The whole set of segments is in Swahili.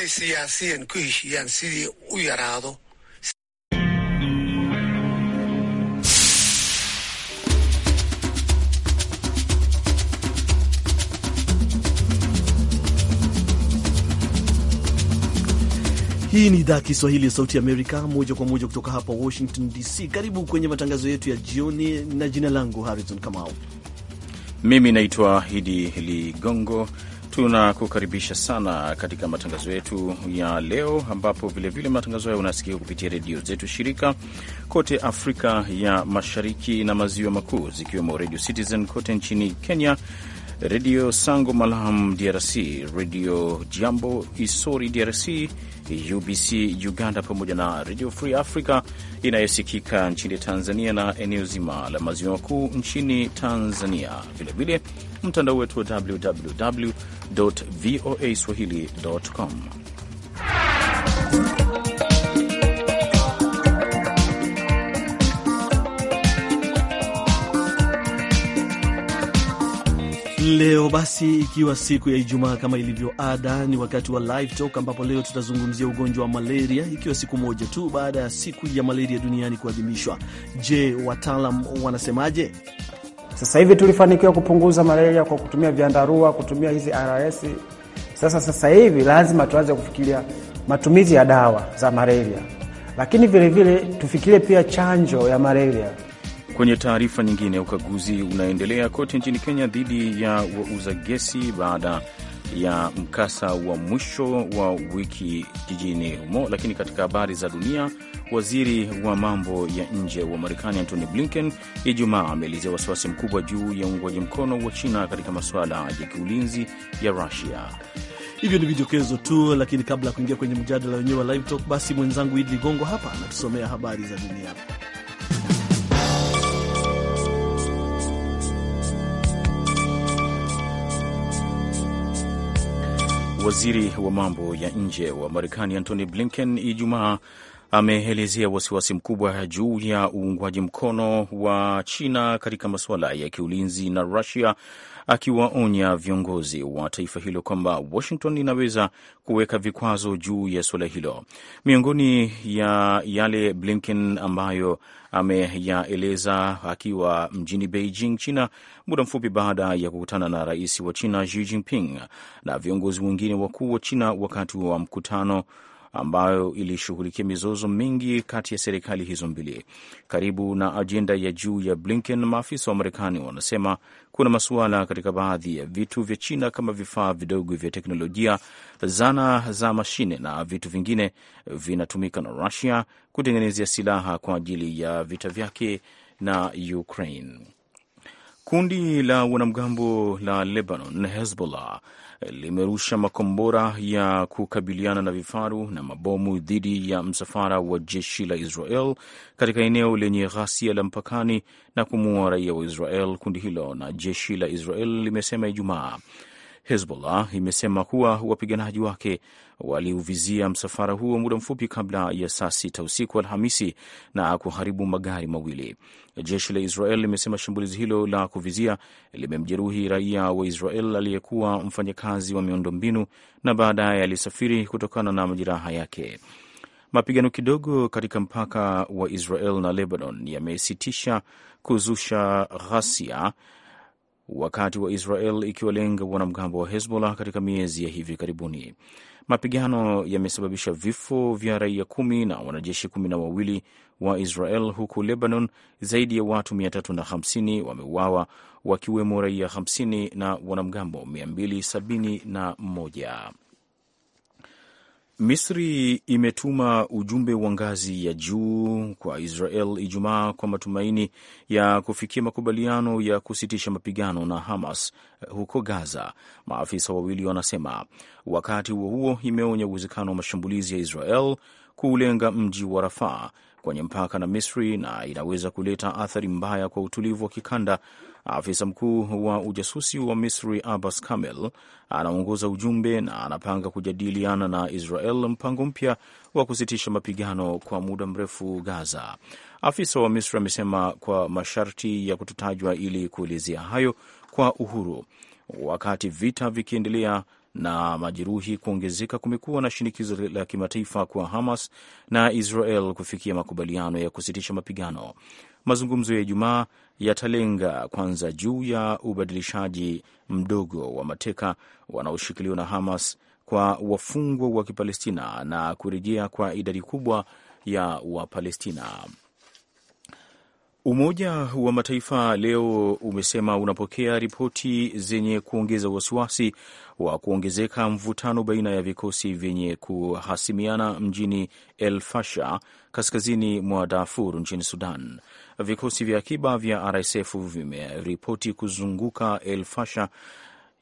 inay siyaasiyan ku heshiiyaan sidii u yaraado. Hii ni idhaa Kiswahili ya Sauti Amerika, moja kwa moja kutoka hapa Washington DC. Karibu kwenye matangazo yetu ya jioni, na jina langu Harrison Kamau. Mimi naitwa Hidi Ligongo Tunakukaribisha sana katika matangazo yetu ya leo, ambapo vilevile matangazo hayo unasikia kupitia redio zetu shirika kote Afrika ya Mashariki na Maziwa Makuu, zikiwemo Radio Citizen kote nchini Kenya, Redio Sango malam DRC, Redio Jambo Isori DRC, UBC Uganda, pamoja na Redio Free Africa inayosikika nchini Tanzania na eneo zima la maziwa makuu nchini Tanzania, vilevile mtandao wetu wa www voa swahili.com. Leo basi, ikiwa siku ya Ijumaa kama ilivyo ada, ni wakati wa live talk, ambapo leo tutazungumzia ugonjwa wa malaria, ikiwa siku moja tu baada ya siku ya malaria duniani kuadhimishwa. Je, wataalam wanasemaje? Sasa hivi tulifanikiwa kupunguza malaria kwa kutumia vyandarua, kutumia hizi RS. Sasa sasa hivi lazima tuanze kufikiria matumizi ya dawa za malaria, lakini vilevile tufikirie pia chanjo ya malaria. Kwenye taarifa nyingine, ukaguzi unaendelea kote nchini Kenya dhidi ya wauza gesi baada ya mkasa wa mwisho wa wiki jijini humo. Lakini katika habari za dunia, waziri wa mambo ya nje wa Marekani Antony Blinken Ijumaa ameelezea wasiwasi mkubwa juu ya uungwaji mkono wa China katika masuala ya kiulinzi ya Rusia. Hivyo ni vidokezo tu, lakini kabla ya kuingia kwenye mjadala wenyewe wa Live Talk, basi mwenzangu Idi Ligongo hapa anatusomea habari za dunia. Waziri wa mambo ya nje wa Marekani Antony Blinken Ijumaa ameelezea wasiwasi mkubwa juu ya uungwaji mkono wa China katika masuala ya kiulinzi na Rusia, akiwaonya viongozi wa taifa hilo kwamba Washington inaweza kuweka vikwazo juu ya suala hilo. Miongoni ya yale Blinken ambayo ameyaeleza akiwa mjini Beijing, China, muda mfupi baada ya kukutana na rais wa China Xi Jinping na viongozi wengine wakuu wa China wakati wa mkutano ambayo ilishughulikia mizozo mingi kati ya serikali hizo mbili. Karibu na ajenda ya juu ya Blinken, maafisa wa Marekani wanasema kuna masuala katika baadhi ya vitu vya China kama vifaa vidogo vya teknolojia, zana za mashine na vitu vingine vinatumika na Rusia kutengenezea silaha kwa ajili ya vita vyake na Ukraine. Kundi la wanamgambo la Lebanon Hezbollah limerusha makombora ya kukabiliana na vifaru na mabomu dhidi ya msafara wa jeshi la Israel katika eneo lenye ghasia la mpakani na kumuua raia wa Israel. Kundi hilo na jeshi la Israel limesema Ijumaa Hezbollah imesema kuwa wapiganaji wake waliuvizia msafara huo muda mfupi kabla ya saa sita usiku Alhamisi na kuharibu magari mawili. Jeshi la Israel limesema shambulizi hilo la kuvizia limemjeruhi raia wa Israel aliyekuwa mfanyakazi wa miundombinu na baadaye alisafiri kutokana na majeraha yake. Mapigano kidogo katika mpaka wa Israel na Lebanon yamesitisha kuzusha ghasia wakati wa Israel ikiwalenga wanamgambo wa Hezbollah katika miezi ya hivi karibuni. Mapigano yamesababisha vifo vya raia kumi na wanajeshi kumi na wawili wa Israel, huku Lebanon zaidi ya watu 350 wameuawa wakiwemo raia 50 na wanamgambo 271. Misri imetuma ujumbe wa ngazi ya juu kwa Israel Ijumaa kwa matumaini ya kufikia makubaliano ya kusitisha mapigano na Hamas huko Gaza, maafisa wawili wanasema. Wakati huo huo, imeonya uwezekano wa mashambulizi ya Israel kuulenga mji wa Rafaa kwenye mpaka na Misri na inaweza kuleta athari mbaya kwa utulivu wa kikanda Afisa mkuu wa ujasusi wa Misri Abbas Kamel anaongoza ujumbe na anapanga kujadiliana na Israel mpango mpya wa kusitisha mapigano kwa muda mrefu Gaza. Afisa wa Misri amesema kwa masharti ya kutotajwa ili kuelezea hayo kwa uhuru. Wakati vita vikiendelea na majeruhi kuongezeka, kumekuwa na shinikizo la kimataifa kwa Hamas na Israel kufikia makubaliano ya kusitisha mapigano. Mazungumzo ya Ijumaa yatalenga kwanza juu ya ubadilishaji mdogo wa mateka wanaoshikiliwa na Hamas kwa wafungwa wa Kipalestina na kurejea kwa idadi kubwa ya Wapalestina. Umoja wa Mataifa leo umesema unapokea ripoti zenye kuongeza wasiwasi wa kuongezeka mvutano baina ya vikosi vyenye kuhasimiana mjini El fasha kaskazini mwa Darfur nchini Sudan. Vikosi vya akiba vya RSF vimeripoti kuzunguka El Fasha,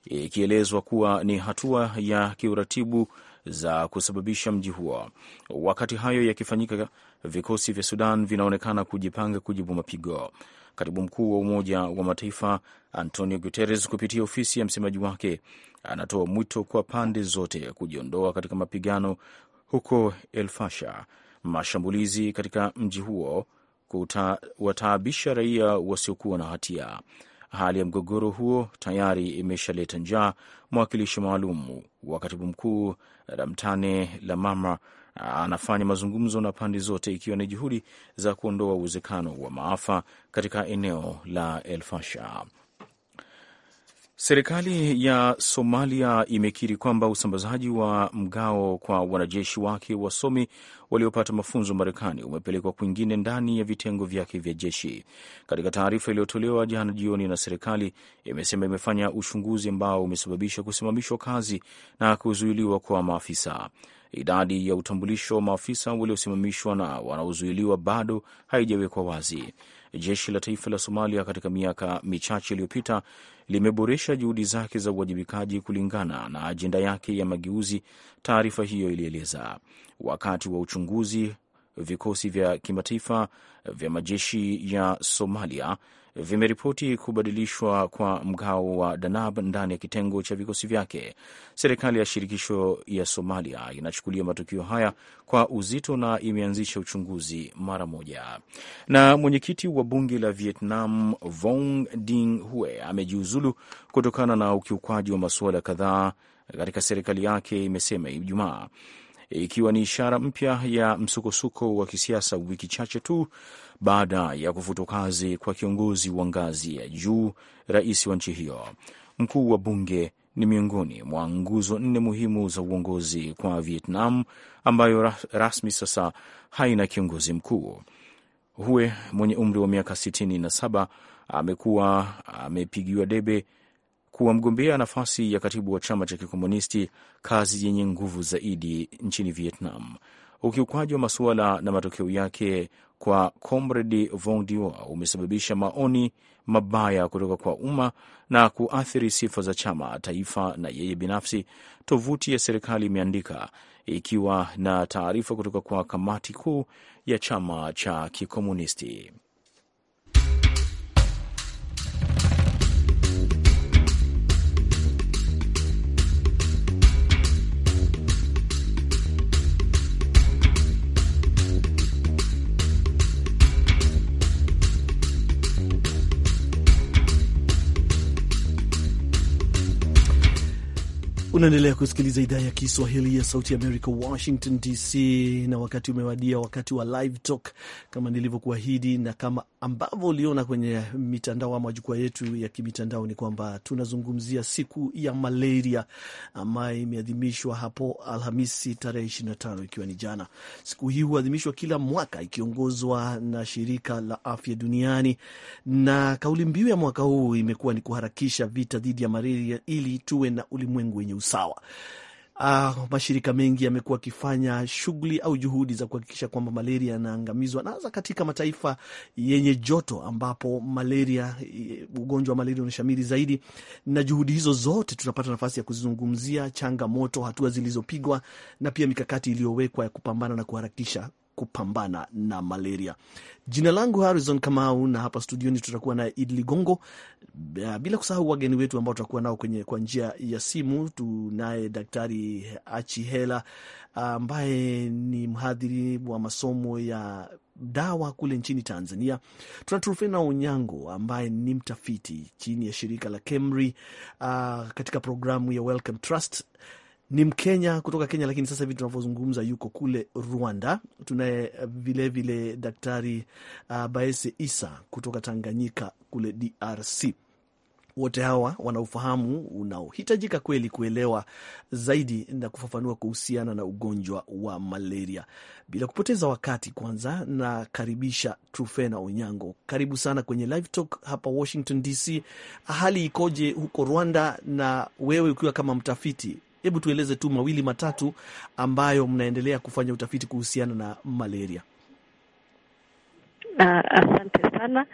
ikielezwa kuwa ni hatua ya kiuratibu za kusababisha mji huo. Wakati hayo yakifanyika, vikosi vya Sudan vinaonekana kujipanga kujibu mapigo. Katibu mkuu wa Umoja wa Mataifa Antonio Guterres kupitia ofisi ya msemaji wake anatoa mwito kwa pande zote kujiondoa katika mapigano huko El Fasha. Mashambulizi katika mji huo kuwataabisha raia wasiokuwa na hatia. Hali ya mgogoro huo tayari imeshaleta njaa. Mwakilishi maalum wa katibu mkuu Ramtane Lamama anafanya mazungumzo na pande zote, ikiwa ni juhudi za kuondoa uwezekano wa maafa katika eneo la elfasha Serikali ya Somalia imekiri kwamba usambazaji wa mgao kwa wanajeshi wake wasomi waliopata mafunzo Marekani umepelekwa kwingine ndani ya vitengo vyake vya jeshi. Katika taarifa iliyotolewa jana jioni na serikali, imesema imefanya uchunguzi ambao umesababisha kusimamishwa kazi na kuzuiliwa kwa maafisa. Idadi ya utambulisho wa maafisa waliosimamishwa na wanaozuiliwa bado haijawekwa wazi. Jeshi la taifa la Somalia katika miaka michache iliyopita limeboresha juhudi zake za uwajibikaji kulingana na ajenda yake ya mageuzi, taarifa hiyo ilieleza. Wakati wa uchunguzi, vikosi vya kimataifa vya majeshi ya Somalia vimeripoti kubadilishwa kwa mgao wa Danab ndani ya kitengo cha vikosi vyake. Serikali ya shirikisho ya Somalia inachukulia matukio haya kwa uzito na imeanzisha uchunguzi mara moja. Na mwenyekiti wa bunge la Vietnam Vong Ding Hue amejiuzulu kutokana na ukiukwaji wa masuala kadhaa katika serikali yake, imesema Ijumaa ikiwa ni ishara mpya ya msukosuko wa kisiasa wiki chache tu baada ya kufutwa kazi kwa kiongozi wa ngazi ya juu, rais wa nchi hiyo. Mkuu wa bunge ni miongoni mwa nguzo nne muhimu za uongozi kwa Vietnam, ambayo rasmi sasa haina kiongozi mkuu. Hue mwenye umri wa miaka 67 amekuwa amepigiwa debe kuwa mgombea nafasi ya katibu wa chama cha kikomunisti, kazi yenye nguvu zaidi nchini Vietnam. Ukiukwaji wa masuala na matokeo yake kwa Comrade vondio umesababisha maoni mabaya kutoka kwa umma na kuathiri sifa za chama, taifa na yeye binafsi. Tovuti ya serikali imeandika ikiwa na taarifa kutoka kwa kamati kuu ya chama cha kikomunisti. Unaendelea kusikiliza idhaa ya Kiswahili ya Sauti Amerika, Washington DC, na wakati umewadia, wakati wa Live Talk kama nilivyokuahidi, na kama ambavyo uliona kwenye mitandao ama jukwaa yetu ya kimitandao, ni kwamba tunazungumzia siku ya malaria ambayo imeadhimishwa hapo Alhamisi tarehe 25 ikiwa ni jana. Siku hii huadhimishwa kila mwaka ikiongozwa na Shirika la Afya Duniani, na kauli mbiu ya mwaka huu imekuwa ni kuharakisha vita dhidi ya malaria ili tuwe na ulimwengu wenye usawa. Uh, ah, mashirika mengi yamekuwa akifanya shughuli au juhudi za kuhakikisha kwamba malaria yanaangamizwa, na hasa katika mataifa yenye joto ambapo malaria, eh, ugonjwa wa malaria unashamiri zaidi. Na juhudi hizo zote tunapata nafasi ya kuzizungumzia, changamoto, hatua zilizopigwa, na pia mikakati iliyowekwa ya kupambana na kuharakisha kupambana na malaria. Jina langu Harrison Kamau, na hapa studioni tutakuwa naye Idi Ligongo, eh, bila kusahau wageni wetu ambao tutakuwa nao kwenye kwa njia ya simu. Tunaye Daktari Achihela ambaye ni mhadhiri wa masomo ya dawa kule nchini Tanzania. Tuna Trufena Onyango ambaye ni mtafiti chini ya shirika la KEMRI uh, katika programu ya Welcome Trust ni Mkenya kutoka Kenya, lakini sasa hivi tunavyozungumza yuko kule Rwanda. Tunaye vilevile eh, Daktari uh, Baese Isa kutoka Tanganyika kule DRC. Wote hawa wana ufahamu unaohitajika kweli kuelewa zaidi na kufafanua kuhusiana na ugonjwa wa malaria. Bila kupoteza wakati, kwanza nakaribisha Trufena Onyango, karibu sana kwenye Live Talk hapa Washington DC. Hali ikoje huko Rwanda, na wewe ukiwa kama mtafiti hebu tueleze tu mawili matatu ambayo mnaendelea kufanya utafiti kuhusiana na malaria. Uh, asante sana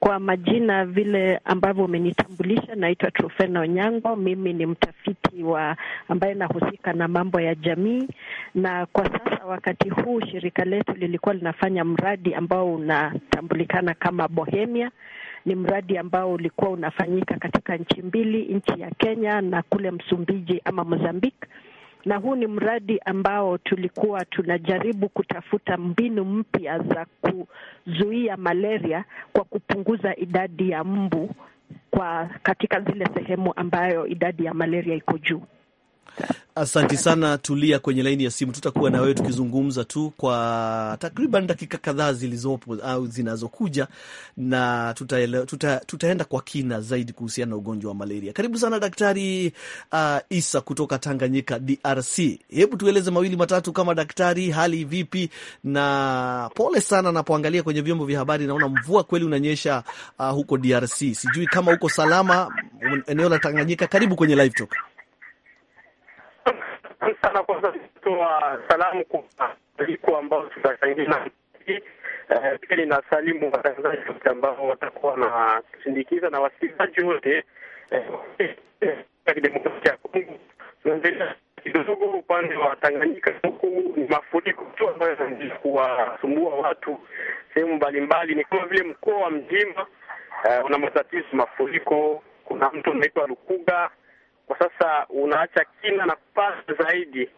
kwa majina vile ambavyo umenitambulisha. Naitwa Trofena Onyango, mimi ni mtafiti wa ambaye nahusika na mambo ya jamii, na kwa sasa wakati huu shirika letu lilikuwa linafanya mradi ambao unatambulikana kama Bohemia ni mradi ambao ulikuwa unafanyika katika nchi mbili, nchi ya Kenya na kule Msumbiji ama Mozambique na huu ni mradi ambao tulikuwa tunajaribu kutafuta mbinu mpya za kuzuia malaria kwa kupunguza idadi ya mbu kwa katika zile sehemu ambayo idadi ya malaria iko juu asanti sana, tulia kwenye laini ya simu, tutakuwa na wewe tukizungumza tu kwa takriban dakika kadhaa zilizopo au zinazokuja, na tutaele, tuta, tutaenda kwa kina zaidi kuhusiana na ugonjwa wa malaria. Karibu sana Daktari uh, Isa kutoka Tanganyika, DRC. Hebu tueleze mawili matatu kama daktari, hali vipi? Na pole sana, napoangalia kwenye vyombo vya habari naona mvua kweli unanyesha uh, huko DRC. Sijui kama uko salama eneo la Tanganyika. Karibu kwenye live talk. Asante sana. Kwanza kutoa salamu kwa liko ambao tutachangia pia nina eh, salimu watangazaji wote ambao watakuwa na kusindikiza na wasikilizaji wote ya eh, kidemokrasia ya Kongo. Tunaendelea kidogo upande wa Tanganyika, huku ni mafuriko tu ambayo yanaendelea kuwasumbua watu sehemu mbalimbali, ni kama vile mkoa wa mzima eh, una matatizo mafuriko. Kuna mtu unaitwa Lukuga kwa sasa unaacha kina na pana zaidi,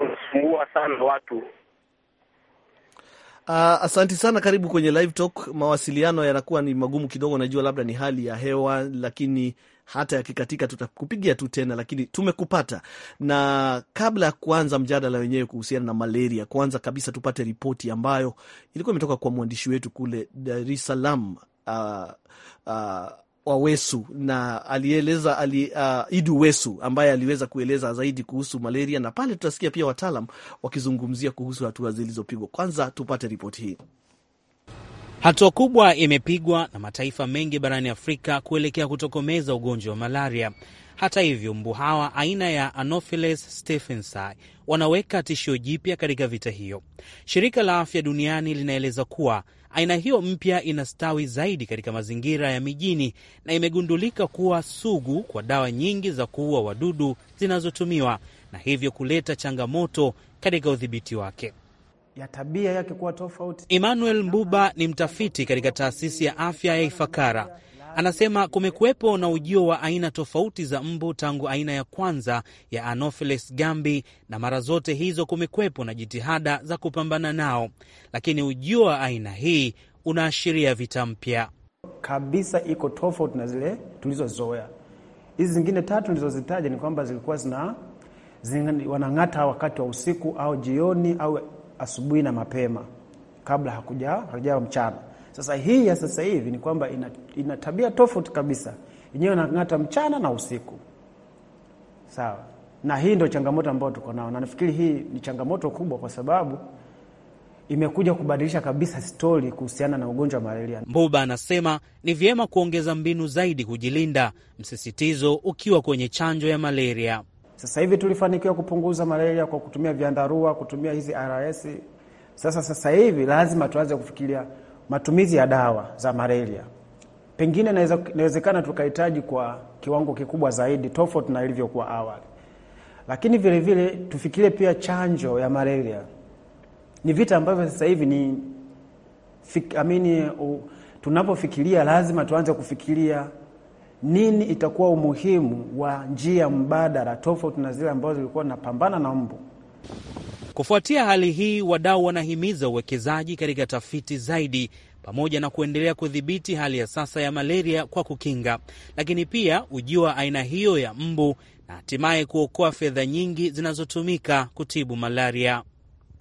unasumbua sana watu. Uh, asanti sana, karibu kwenye live talk. Mawasiliano yanakuwa ni magumu kidogo, najua labda ni hali ya hewa, lakini hata yakikatika tutakupigia tu tena, lakini tumekupata. Na kabla ya kuanza mjadala wenyewe kuhusiana na malaria, kwanza kabisa tupate ripoti ambayo ilikuwa imetoka kwa mwandishi wetu kule Dar es Salaam, uh, uh, wa Wesu na alieleza ali, uh, Idu Wesu ambaye aliweza kueleza zaidi kuhusu malaria, na pale tutasikia pia wataalam wakizungumzia kuhusu hatua zilizopigwa. Kwanza tupate ripoti hii. Hatua kubwa imepigwa na mataifa mengi barani Afrika kuelekea kutokomeza ugonjwa wa malaria. Hata hivyo, mbu hawa aina ya Anopheles stephensi wanaweka tishio jipya katika vita hiyo. Shirika la Afya Duniani linaeleza kuwa Aina hiyo mpya inastawi zaidi katika mazingira ya mijini na imegundulika kuwa sugu kwa dawa nyingi za kuua wadudu zinazotumiwa na hivyo kuleta changamoto katika udhibiti wake ya tabia yake kuwa tofauti. Emmanuel Mbuba ni mtafiti katika taasisi ya afya ya Ifakara. Anasema kumekuwepo na ujio wa aina tofauti za mbu tangu aina ya kwanza ya Anopheles gambi, na mara zote hizo kumekuwepo na jitihada za kupambana nao, lakini ujio wa aina hii unaashiria vita mpya kabisa. Iko tofauti na zile tulizozoea. Hizi zingine tatu nilizozitaja ni kwamba zilikuwa zina wanang'ata wakati wa usiku au jioni au asubuhi na mapema kabla hakuja mchana sasa hii ya sasa hivi ni kwamba ina, ina tabia tofauti kabisa, yenyewe inang'ata mchana na usiku, sawa. Na hii ndio changamoto ambayo tuko nao, na nafikiri hii ni changamoto kubwa kwa sababu imekuja kubadilisha kabisa stori kuhusiana na ugonjwa wa malaria. Mbuba anasema ni vyema kuongeza mbinu zaidi kujilinda, msisitizo ukiwa kwenye chanjo ya malaria. Sasa hivi tulifanikiwa kupunguza malaria kwa kutumia vyandarua, kutumia hizi RS. Sasa sasa hivi lazima tuanze kufikiria matumizi ya dawa za malaria pengine inawezekana tukahitaji kwa kiwango kikubwa zaidi tofauti na ilivyokuwa awali, lakini vile vile tufikirie pia chanjo ya malaria. Ni vita ambavyo sasa hivi ni I tunapofikiria lazima tuanze kufikiria nini itakuwa umuhimu wa njia mbadala tofauti na zile ambazo zilikuwa napambana na mbu. Kufuatia hali hii, wadau wanahimiza uwekezaji katika tafiti zaidi pamoja na kuendelea kudhibiti hali ya sasa ya malaria kwa kukinga, lakini pia ujio wa aina hiyo ya mbu na hatimaye kuokoa fedha nyingi zinazotumika kutibu malaria.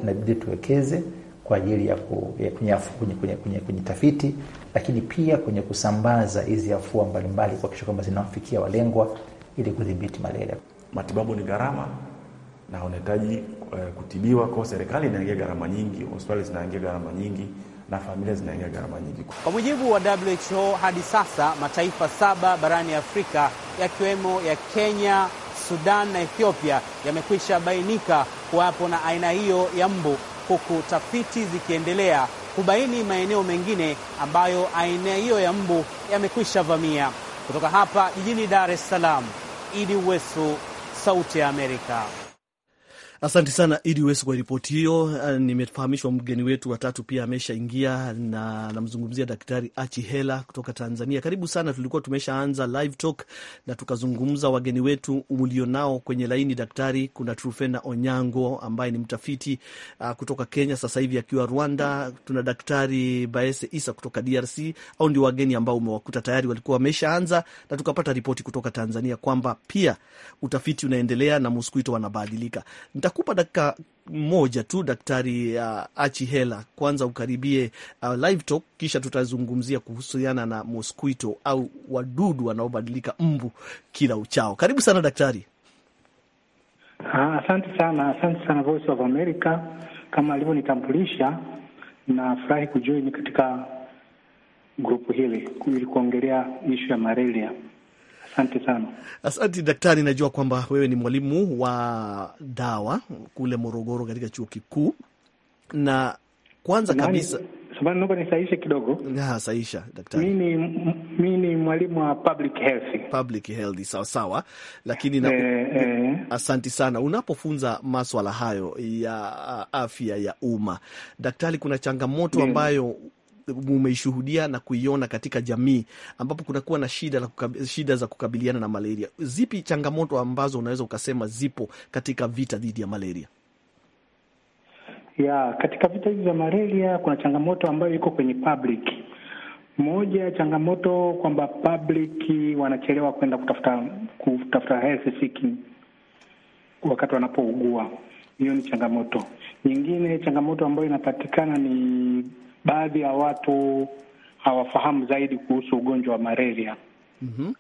Inabidi tuwekeze kwa ajili ya kwenye tafiti, lakini pia kwenye kusambaza hizi afua mbalimbali, kuhakikisha kwamba zinawafikia walengwa ili kudhibiti malaria. Matibabu ni gharama na unahitaji uh, kutibiwa. Kwa serikali inaingia gharama nyingi, hospitali zinaingia gharama nyingi na familia zinaingia gharama nyingi. Kwa mujibu wa WHO, hadi sasa mataifa saba barani Afrika yakiwemo ya Kenya, Sudan na Ethiopia yamekwisha bainika kuwapo na aina hiyo ya mbu, huku tafiti zikiendelea kubaini maeneo mengine ambayo aina hiyo ya mbu yamekwisha vamia. Kutoka hapa jijini Dar es Salaam, Idi Wesu, Sauti ya Amerika. Asante sana Idi Wes kwa ripoti hiyo. Ah, nimefahamishwa mgeni wetu watatu pia ameshaingia na namzungumzia Daktari Achi Hela kutoka Tanzania. Karibu sana, tulikuwa tumeshaanza live talk na tukazungumza wageni wetu mlionao kwenye laini. Daktari, kuna Trufena Onyango ambaye ni mtafiti uh, kutoka Kenya, sasa hivi akiwa Rwanda. Tuna Daktari Baese Isa kutoka DRC. Au ndio wageni ambao umewakuta tayari walikuwa wameshaanza, na tukapata ripoti kutoka Tanzania kwamba pia utafiti unaendelea na moskwito wanabadilika nitakupa dakika moja tu Daktari uh, Achi Hela, kwanza ukaribie uh, live talk, kisha tutazungumzia kuhusiana na mosquito au wadudu wanaobadilika mbu kila uchao. Karibu sana daktari. Ah, asante sana, asante sana Voice of America. Kama alivyonitambulisha, nafurahi kujoini katika grupu hili ili kuongelea ishu ya malaria. Asante sana. Asante daktari, najua kwamba wewe ni mwalimu wa dawa kule Morogoro katika chuo kikuu, na kwanza kabisa samahani, naomba kidogo. Ah, daktari. Mimi ni mwalimu wa public health. Public health, sawa sawa, lakini na eh, eh. Asanti sana. Unapofunza maswala hayo ya afya ya umma, daktari, kuna changamoto ambayo umeishuhudia na kuiona katika jamii ambapo kunakuwa na shida, na kukab, shida za kukabiliana na malaria, zipi changamoto ambazo unaweza ukasema zipo katika vita dhidi ya malaria? Ya, katika vita hivi vya malaria kuna changamoto ambayo iko kwenye public. Moja ya changamoto kwamba public wanachelewa kwenda kutafuta kutafuta health seeking wakati wanapougua. Hiyo ni changamoto nyingine. Changamoto ambayo inapatikana ni baadhi ya watu hawafahamu zaidi kuhusu ugonjwa wa malaria. mm -hmm.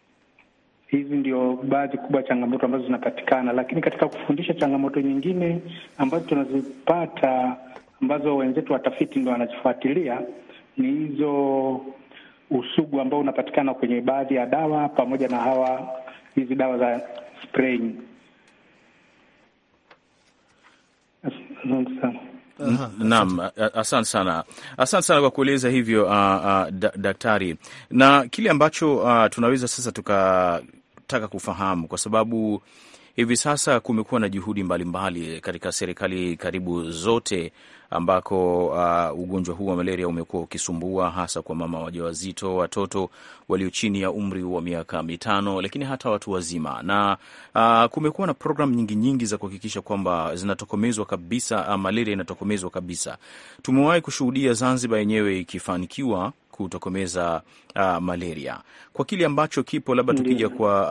Hizi ndio baadhi kubwa changamoto ambazo zinapatikana, lakini katika kufundisha, changamoto nyingine ambazo tunazipata ambazo wenzetu watafiti ndio wanazifuatilia ni hizo usugu ambao unapatikana kwenye baadhi ya dawa pamoja na hawa hizi dawa za spraying. Asante sana. Naam, asante sana, asante sana kwa kueleza hivyo, uh, uh, daktari, na kile ambacho uh, tunaweza sasa tukataka kufahamu kwa sababu Hivi sasa kumekuwa na juhudi mbalimbali mbali katika serikali karibu zote ambako uh, ugonjwa huu wa malaria umekuwa ukisumbua hasa kwa mama wajawazito, watoto walio chini ya umri wa miaka mitano, lakini hata watu wazima. Na uh, kumekuwa na programu nyingi nyingi za kuhakikisha kwamba zinatokomezwa kabisa, uh, malaria inatokomezwa kabisa. Tumewahi kushuhudia Zanzibar yenyewe ikifanikiwa kutokomeza uh, malaria. Kwa kile ambacho kipo labda tukija kwa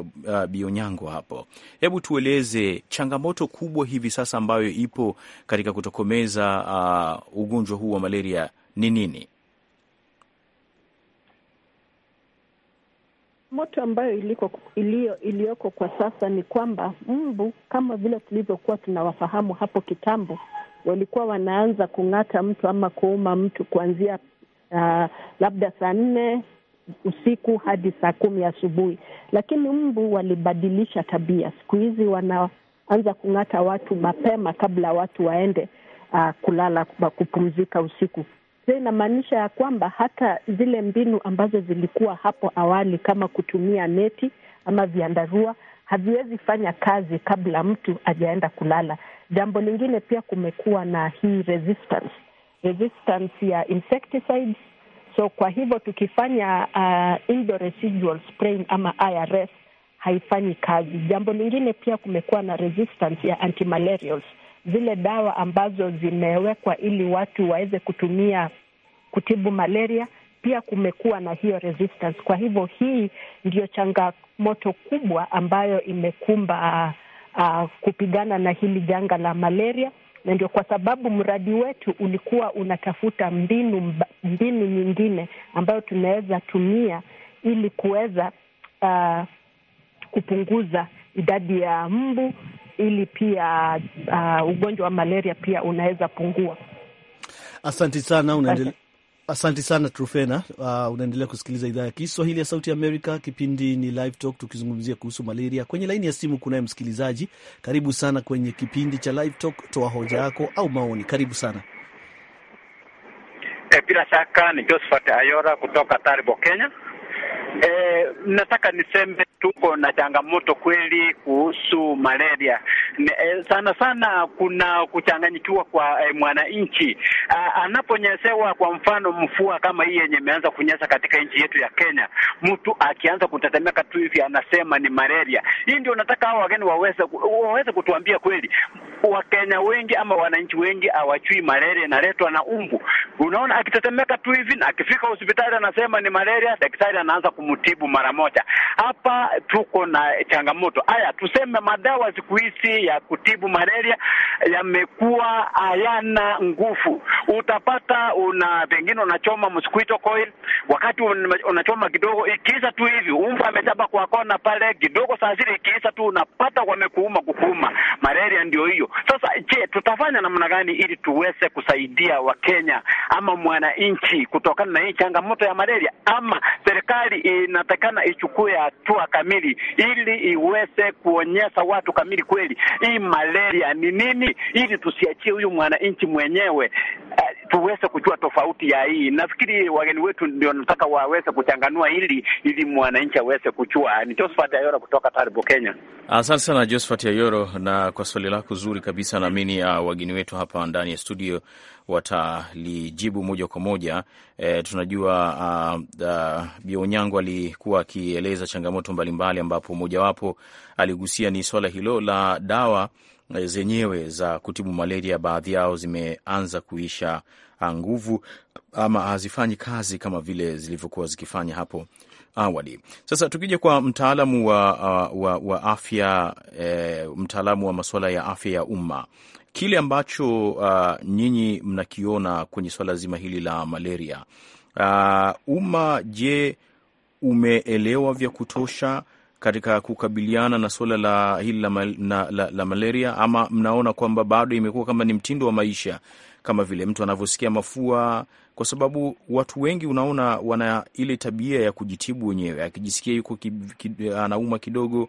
uh, uh, Bionyango hapo, hebu tueleze changamoto kubwa hivi sasa ambayo ipo katika kutokomeza uh, ugonjwa huu wa malaria ni nini? moto ambayo iliko, iliyoko kwa sasa ni kwamba mbu kama vile tulivyokuwa tunawafahamu hapo kitambo, walikuwa wanaanza kung'ata mtu ama kuuma mtu kuanzia uh, labda saa nne usiku hadi saa kumi asubuhi. Lakini mbu walibadilisha tabia, siku hizi wanaanza kung'ata watu mapema kabla watu waende uh, kulala kupumzika usiku. Hiyo inamaanisha ya kwamba hata zile mbinu ambazo zilikuwa hapo awali kama kutumia neti ama viandarua haviwezi fanya kazi kabla mtu ajaenda kulala. Jambo lingine pia, kumekuwa na hii resistance resistance ya insecticides. So kwa hivyo tukifanya uh, indoor residual spraying ama IRS haifanyi kazi. Jambo lingine pia, kumekuwa na resistance ya antimalarials, zile dawa ambazo zimewekwa ili watu waweze kutumia kutibu malaria, pia kumekuwa na hiyo resistance. Kwa hivyo hii ndiyo changamoto kubwa ambayo imekumba uh, uh, kupigana na hili janga la malaria na ndio kwa sababu mradi wetu ulikuwa unatafuta mbinu mbinu nyingine ambayo tunaweza tumia ili kuweza uh, kupunguza idadi ya mbu ili pia uh, ugonjwa wa malaria pia unaweza pungua. Asante sana. Unaendelea Asante sana Trufena. Uh, unaendelea kusikiliza idhaa ya Kiswahili ya Sauti Amerika. Kipindi ni Live Talk, tukizungumzia kuhusu malaria. Kwenye laini ya simu kunaye msikilizaji. Karibu sana kwenye kipindi cha Live Talk, toa hoja yako au maoni. Karibu sana. E, bila shaka ni Josephat Ayora kutoka Taribo, Kenya. E, nataka niseme tuko na changamoto kweli kuhusu malaria. Eh, sana sana kuna kuchanganyikiwa kwa eh, mwananchi ah, anaponyesewa, kwa mfano mfua kama hii yenye imeanza kunyesha katika nchi yetu ya Kenya, mtu akianza kutetemeka tu hivi anasema ni malaria. Hii ndio nataka hao wageni waweze waweze kutuambia kweli Wakenya wengi ama wananchi wengi hawajui malaria inaletwa na umbu. Unaona akitetemeka tu hivi na akifika hospitali anasema ni malaria, daktari anaanza kumtibu mara moja. Hapa tuko na changamoto. Haya, tuseme madawa siku hizi ya kutibu malaria yamekuwa hayana nguvu. Utapata una pengine unachoma mosquito coil, wakati unachoma kidogo, ikiisa tu hivi umbu amechapa kwa kona pale kidogo, saa zile ikiisa tu unapata wamekuuma kukuuma. Malaria ndio hiyo. Sasa je, tutafanya namna gani ili tuweze kusaidia Wakenya ama mwananchi kutokana na hii changamoto ya malaria? Ama serikali inatakana ichukue hatua kamili ili iweze kuonyesha watu kamili kweli hii malaria ni nini, ili tusiachie huyu mwananchi mwenyewe eh, tuweze kujua tofauti ya hii. Nafikiri wageni wetu ndio nataka waweze kuchanganua hili ili mwananchi aweze kujua. Ni Josephat Ayoro kutoka Taribo, Kenya. Asante sana Josephat Ayoro na kwa swali lako zuri kabisa, naamini uh, wageni wetu hapa ndani ya studio watalijibu moja kwa moja. E, tunajua uh, uh, Bionyango alikuwa akieleza changamoto mbalimbali, ambapo mojawapo aligusia ni swala hilo la dawa zenyewe za kutibu malaria, baadhi yao zimeanza kuisha nguvu ama hazifanyi kazi kama vile zilivyokuwa zikifanya hapo awali. Sasa tukija kwa mtaalamu wa, uh, wa, wa afya e, mtaalamu wa masuala ya afya ya umma kile ambacho uh, nyinyi mnakiona kwenye swala zima hili la malaria uh, umma, je, umeelewa vya kutosha katika kukabiliana na suala la hili la, la, la, la malaria, ama mnaona kwamba bado imekuwa kama ni mtindo wa maisha kama vile mtu anavyosikia mafua, kwa sababu watu wengi unaona wana ile tabia ya kujitibu wenyewe, akijisikia yuko ki, ki, anauma kidogo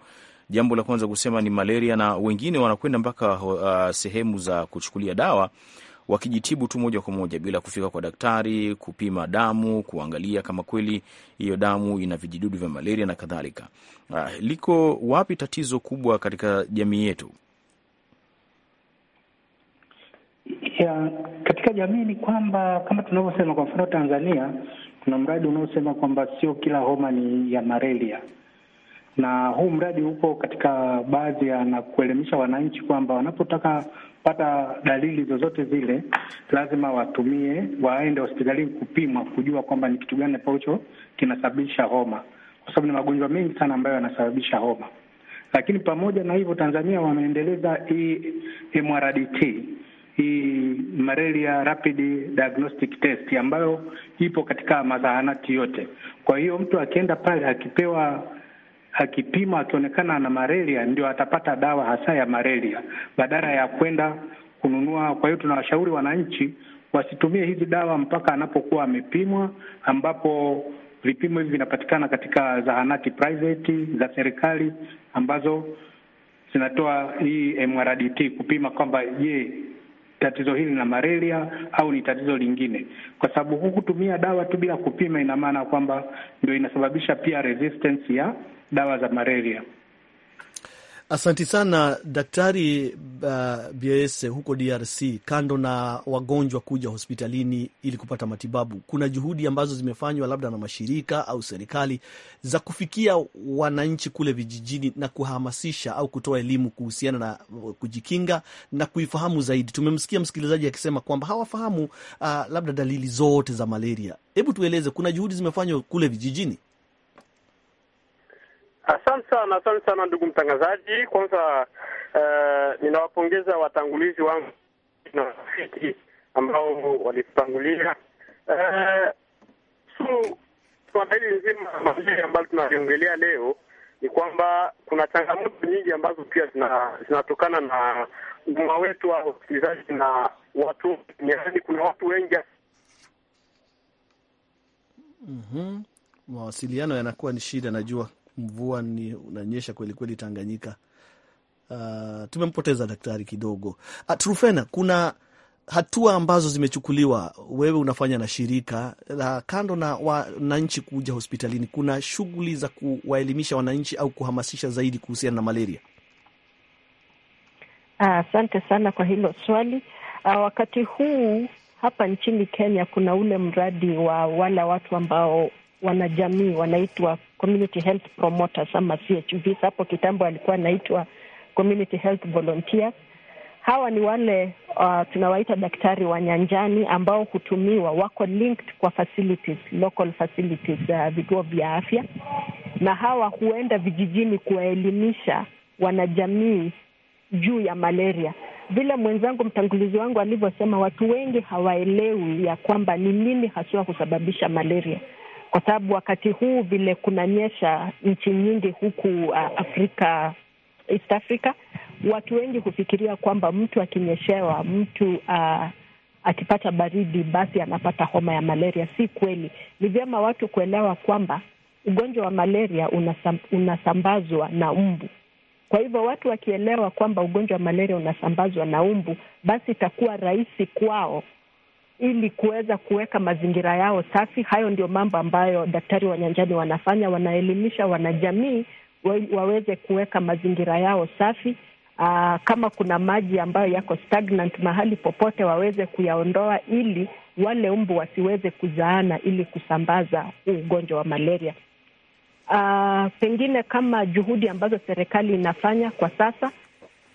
jambo la kwanza kusema ni malaria, na wengine wanakwenda mpaka uh, sehemu za kuchukulia dawa wakijitibu tu moja kwa moja bila kufika kwa daktari, kupima damu, kuangalia kama kweli hiyo damu ina vijidudu vya malaria na kadhalika. Uh, liko wapi tatizo kubwa katika jamii yetu? ya katika jamii ni kwamba kama tunavyosema, kwa mfano Tanzania kuna mradi unaosema kwamba sio kila homa ni ya malaria, na huu mradi upo katika baadhi ya na kuelimisha wananchi kwamba wanapotaka pata dalili zozote zile, lazima watumie, waende hospitalini kupimwa, kujua kwamba ni kitu gani ambacho kinasababisha homa, kwa sababu ni magonjwa mengi sana ambayo yanasababisha homa. Lakini pamoja na hivyo, Tanzania wameendeleza hii MRDT hii malaria rapid diagnostic test ambayo ipo katika mazahanati yote. Kwa hiyo mtu akienda pale akipewa akipimwa akionekana na malaria ndio atapata dawa hasa ya malaria badala ya kwenda kununua. Kwa hiyo tunawashauri wananchi wasitumie hizi dawa mpaka anapokuwa amepimwa, ambapo vipimo hivi vinapatikana katika zahanati private za serikali ambazo zinatoa hii MRDT kupima kwamba je, tatizo hili la malaria au ni tatizo lingine, kwa sababu huku dawa tu bila kupima, ina maana kwamba ndio inasababisha pia resistance ya dawa za malaria. Asanti sana Daktari uh, Biese huko DRC. Kando na wagonjwa kuja hospitalini ili kupata matibabu, kuna juhudi ambazo zimefanywa labda na mashirika au serikali za kufikia wananchi kule vijijini na kuhamasisha au kutoa elimu kuhusiana na uh, kujikinga na kuifahamu zaidi. Tumemsikia msikilizaji akisema kwamba hawafahamu uh, labda dalili zote za malaria. Hebu tueleze, kuna juhudi zimefanywa kule vijijini? Asante sana, asante sana ndugu mtangazaji. Kwanza uh, ninawapongeza watangulizi wangu na wafiki ambao walitangulia eh, so, swala hili nzima mazuri ambalo tunaliongelea leo ni kwamba kuna changamoto nyingi ambazo pia zinatokana na umma wetu wa wasikilizaji na watu, yaani kuna watu wengi mm -hmm. Mawasiliano yanakuwa ni shida, najua mvua ni unanyesha kwelikweli Tanganyika. Uh, tumempoteza daktari kidogo. Uh, Trufena, kuna hatua ambazo zimechukuliwa, wewe unafanya na shirika la kando na wananchi kuja hospitalini, kuna shughuli za kuwaelimisha wananchi au kuhamasisha zaidi kuhusiana na malaria? Ah, asante ah, sana kwa hilo swali. Ah, wakati huu hapa nchini Kenya kuna ule mradi wa wale watu ambao wanajamii wanaitwa community health promoters ama CHVs. Hapo kitambo alikuwa anaitwa community health Hawa ni wale uh, tunawaita daktari wa nyanjani ambao hutumiwa, wako linked kwa facilities, local facilities, uh, vituo vya afya, na hawa huenda vijijini kuwaelimisha wanajamii juu ya malaria. Vile mwenzangu mtangulizi wangu alivyosema, watu wengi hawaelewi ya kwamba ni nini haswa husababisha malaria kwa sababu wakati huu vile kunanyesha nchi nyingi huku uh, Afrika, East Africa, watu wengi hufikiria kwamba mtu akinyeshewa, mtu uh, akipata baridi, basi anapata homa ya malaria. Si kweli. Ni vyema watu kuelewa kwamba ugonjwa wa malaria unasambazwa na mbu. Kwa hivyo watu wakielewa kwamba ugonjwa wa malaria unasambazwa na mbu, basi itakuwa rahisi kwao ili kuweza kuweka mazingira yao safi. Hayo ndio mambo ambayo daktari wanyanjani wanafanya, wanaelimisha wanajamii waweze kuweka mazingira yao safi. Aa, ah, kama kuna maji ambayo yako stagnant mahali popote waweze kuyaondoa ili wale mbu wasiweze kuzaana ili kusambaza huu ugonjwa wa malaria. Aa, ah, pengine kama juhudi ambazo serikali inafanya kwa sasa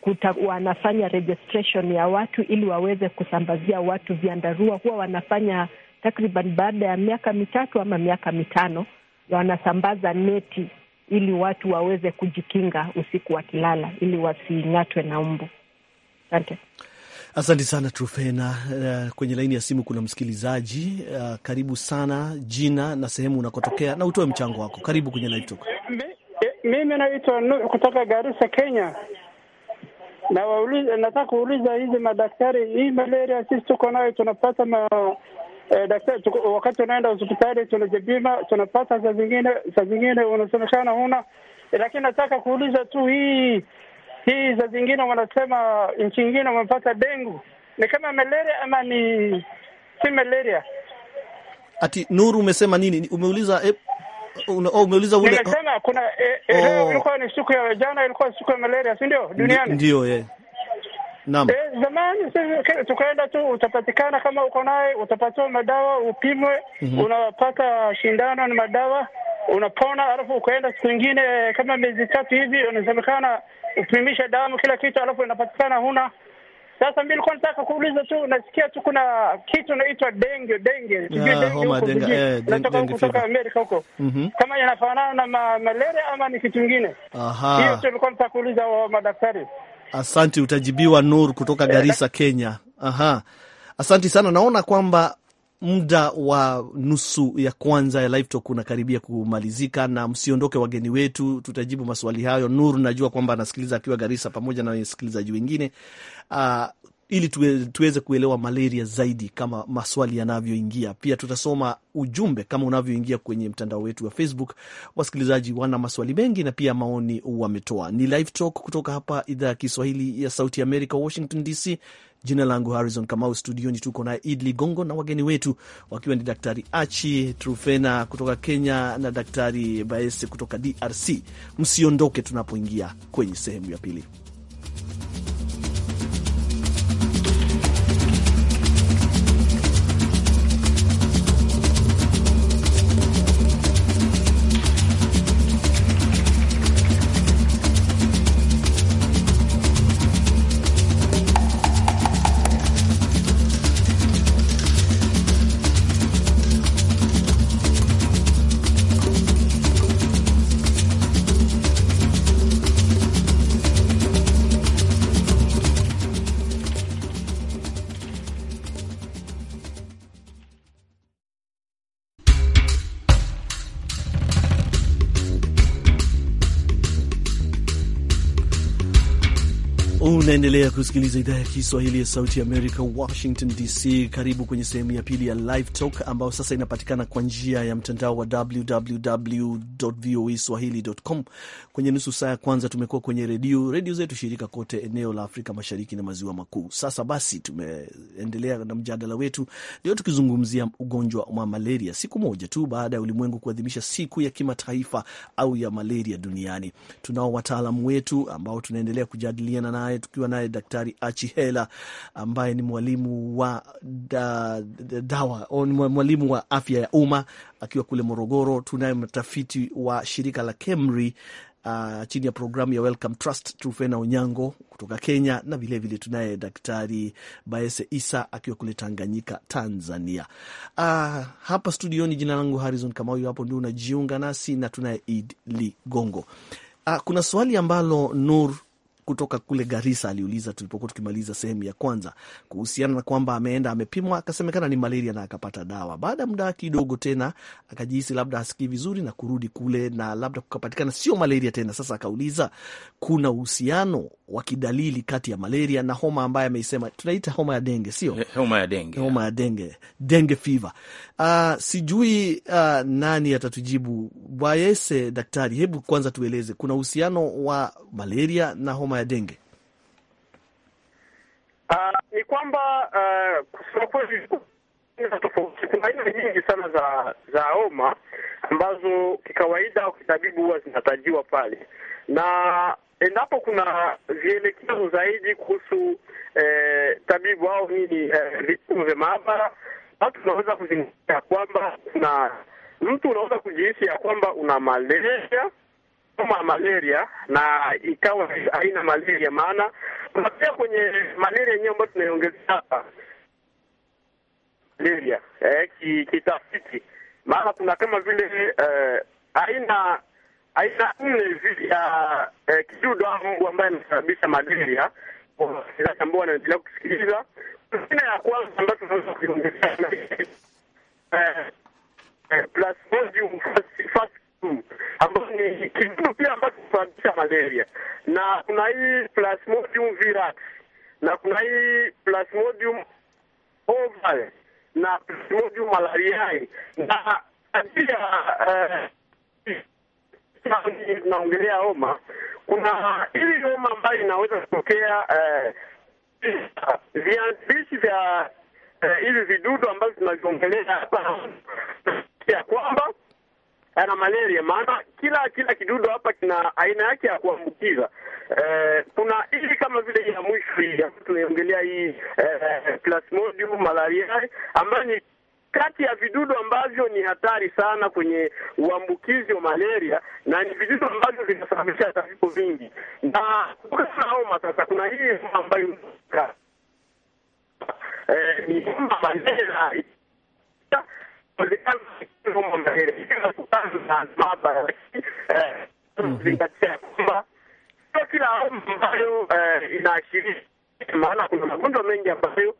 kuta, wanafanya registration ya watu ili waweze kusambazia watu vyandarua. Huwa wanafanya takriban baada ya miaka mitatu ama miaka mitano, wanasambaza neti ili watu waweze kujikinga usiku wakilala, ili wasing'atwe na mbu. Asante. Asante sana Trufena. Uh, kwenye laini ya simu kuna msikilizaji uh, karibu sana, jina na sehemu unakotokea na utoe mchango wako. Karibu kwenye Live Talk. Mimi naitwa Nuh kutoka Garissa, Kenya na wauliza, nataka kuuliza hizi madaktari, hii malaria sisi tuko nayo tunapata ma eh, daktari wakati tunaenda hospitali tunajipima tunapata, saa zingine saa zingine unasemekana huna, lakini nataka kuuliza tu hii hii, saa zingine wanasema nchi ingine wamepata dengu, ni kama malaria ama ni si malaria? Ati Nuru, umesema nini? Umeuliza eh, Oh, umeuliza ule nimesema kuna eh, eh, leo oh. ilikuwa ni siku ya jana, ilikuwa siku ya malaria, si ndio? Duniani ndio yeye Naam. Eh, zamani tukaenda tu, utapatikana kama uko naye, utapatiwa madawa upimwe, mm -hmm. unapata shindano na madawa unapona, alafu ukaenda siku nyingine eh, kama miezi tatu hivi, unasemekana upimisha damu kila kitu, alafu inapatikana huna sasa mimi nilikuwa nataka kuuliza tu, nasikia tu kuna kitu inaitwa denge denge, sijui kutoka Amerika huko, eh, mhm. kama yanafanana na malaria ama ni kitu kingine. Hiyo tu nilikuwa nataka kuuliza madaktari. Asante, utajibiwa Nur kutoka eh, Garissa, Kenya. Aha, asante sana. Naona kwamba muda wa nusu ya kwanza ya live talk unakaribia kumalizika, na msiondoke, wageni wetu, tutajibu maswali hayo. Nur najua kwamba anasikiliza akiwa Garissa pamoja na wasikilizaji wengine. Uh, ili tuweze kuelewa malaria zaidi kama maswali yanavyoingia. Pia tutasoma ujumbe kama unavyoingia kwenye mtandao wetu wa Facebook. Wasikilizaji wana maswali mengi na pia maoni wametoa. Ni live talk kutoka hapa idhaa ya Kiswahili ya Sauti America, Washington DC. Jina langu Harrison Kamau, studioni tuko na Id Ligongo na wageni wetu wakiwa ni Daktari Achi Trufena kutoka Kenya na Daktari Baese kutoka DRC. Msiondoke tunapoingia kwenye sehemu ya pili. Unaendelea kusikiliza idhaa ya Kiswahili ya Sauti ya Amerika, Washington DC. Karibu kwenye sehemu ya pili ya Live Talk ambayo sasa inapatikana kwa njia ya mtandao wa www voa swahili.com. Kwenye nusu saa ya kwanza tumekuwa kwenye redio redio zetu shirika kote eneo la Afrika Mashariki na Maziwa Makuu. Sasa basi, tumeendelea na mjadala wetu leo tukizungumzia ugonjwa wa malaria, siku moja tu baada ya ulimwengu kuadhimisha siku ya kimataifa au ya malaria duniani. Tunao wataalamu wetu ambao tunaendelea kujadiliana naye naye tukiwa naye Daktari Achi Hela ambaye ni mwalimu wa da, da, dawa o, ni mwalimu wa afya ya umma akiwa kule Morogoro. Tunaye mtafiti wa shirika la KEMRI Uh, chini ya programu ya Welcome Trust Trufena Onyango kutoka Kenya, na vilevile tunaye Daktari Baese Isa akiwa kule Tanganyika, Tanzania. Uh, hapa studioni, jina langu Harizon Kamau, hapo ndio unajiunga nasi na tunaye Id Ligongo. Uh, kuna swali ambalo Nur kutoka kule Garisa aliuliza tulipokuwa tukimaliza sehemu ya kwanza kuhusiana na kwamba ameenda amepimwa, akasemekana ni malaria na akapata dawa. Baada ya muda kidogo tena akajihisi labda asikii vizuri na kurudi kule, na labda kukapatikana sio malaria tena. Sasa akauliza kuna uhusiano wa kidalili kati ya malaria na homa ambayo ameisema tunaita homa ya denge, sio eh, homa ya denge, homa ya denge, denge fever. Uh, sijui uh, nani atatujibu Bwayese daktari, hebu kwanza tueleze kuna uhusiano wa malaria na homa ya denge? Ah, ni kwamba ah, kusema kweli tofauti, kuna aina nyingi sana za za homa ambazo kikawaida au kitabibu huwa zinatajiwa pale, na endapo kuna vielekezo zaidi kuhusu eh, tabibu au nini eh, vipimo vya maabara, watu tunaweza kuzingatia kwamba kuna mtu unaweza kujihisi ya kwamba una malaria homa malaria na ikawa haina malaria, maana tunapea kwenye malaria yenyewe ambayo tunaiongelea hapa malaria eh, kitafiti, maana kuna kama vile eh, aina aina nne hivi ya eh, kidudu au mungu ambaye anasababisha malaria kwa wasikilizaji ambao wanaendelea kusikiliza. Aina ya kwanza ambayo tunaweza kuiongelea eh, eh, Plasmodium falciparum Hmm. ambayo ni kidudu pia ambacho husababisha malaria, na kuna hii Plasmodium virax na kuna hii Plasmodium ovale na Plasmodium malariae na pia tunaongelea eh, homa. Kuna hili homa ambayo inaweza kutokea eh, vianzilishi vya eh, hivi vidudu ambavyo tunaviongelea hapa ya kwamba ana malaria, maana kila kila kidudu hapa kina aina yake ya kuambukiza. Eh, kuna hii kama vile ya mwisho ya tunaiongelea hii eh, Plasmodium malariae ambayo ni kati ya vidudu ambavyo ni hatari sana kwenye uambukizi wa malaria na ni vidudu ambavyo vinasababisha hata vifo vingi. Na kuna homa sasa, kuna hii homa ambayo eh, ni homa malaria kuzingatia kwamba sio kila ambayo inaashiria maana kuna magonjwa mengi ambayo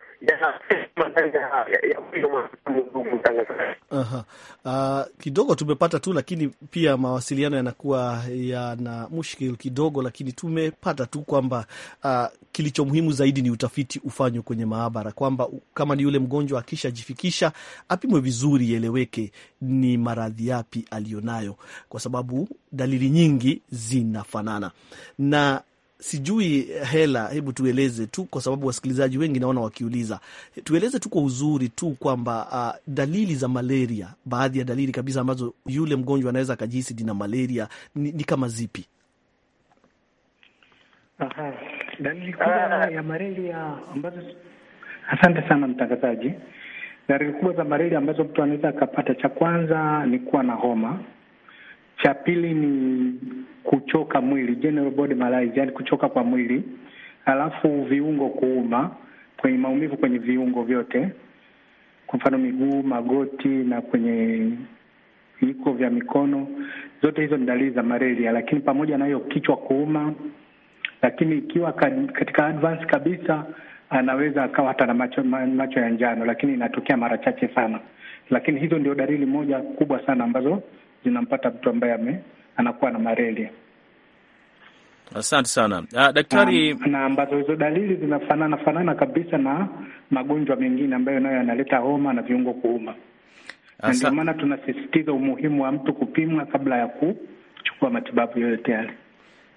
Uh, Kidogo tumepata tu, lakini pia mawasiliano yanakuwa yana mushkil kidogo, lakini tumepata tu kwamba uh, kilicho muhimu zaidi ni utafiti ufanywe kwenye maabara, kwamba kama ni yule mgonjwa akishajifikisha apimwe vizuri, ieleweke ni maradhi yapi aliyonayo, kwa sababu dalili nyingi zinafanana na sijui hela, hebu tueleze tu, kwa sababu wasikilizaji wengi naona wakiuliza, tueleze tu kwa uzuri tu kwamba uh, dalili za malaria, baadhi ya dalili kabisa ambazo yule mgonjwa anaweza akajihisi dina malaria ni, ni kama zipi? Aha. Dalili kubwa ah. ya malaria ambazo, asante sana mtangazaji, dalili kubwa za malaria ambazo mtu anaweza akapata, cha kwanza ni kuwa na homa cha pili ni kuchoka mwili, general body malaise, yani kuchoka kwa mwili, alafu viungo kuuma, kwenye maumivu kwenye viungo vyote, kwa mfano miguu, magoti na kwenye viko vya mikono. Zote hizo ni dalili za malaria, lakini pamoja na hiyo kichwa kuuma. Lakini ikiwa katika advance kabisa, anaweza akawa hata na macho, macho ya njano, lakini inatokea mara chache sana. Lakini hizo ndio dalili moja kubwa sana ambazo zinampata mtu ambaye anakuwa na malaria. Asante sana uh, daktari na, na ambazo hizo dalili zinafanana fanana kabisa na magonjwa mengine ambayo nayo yanaleta homa na viungo kuuma. Na ndio maana tunasisitiza umuhimu wa mtu kupimwa kabla ya kuchukua matibabu yoyote yale.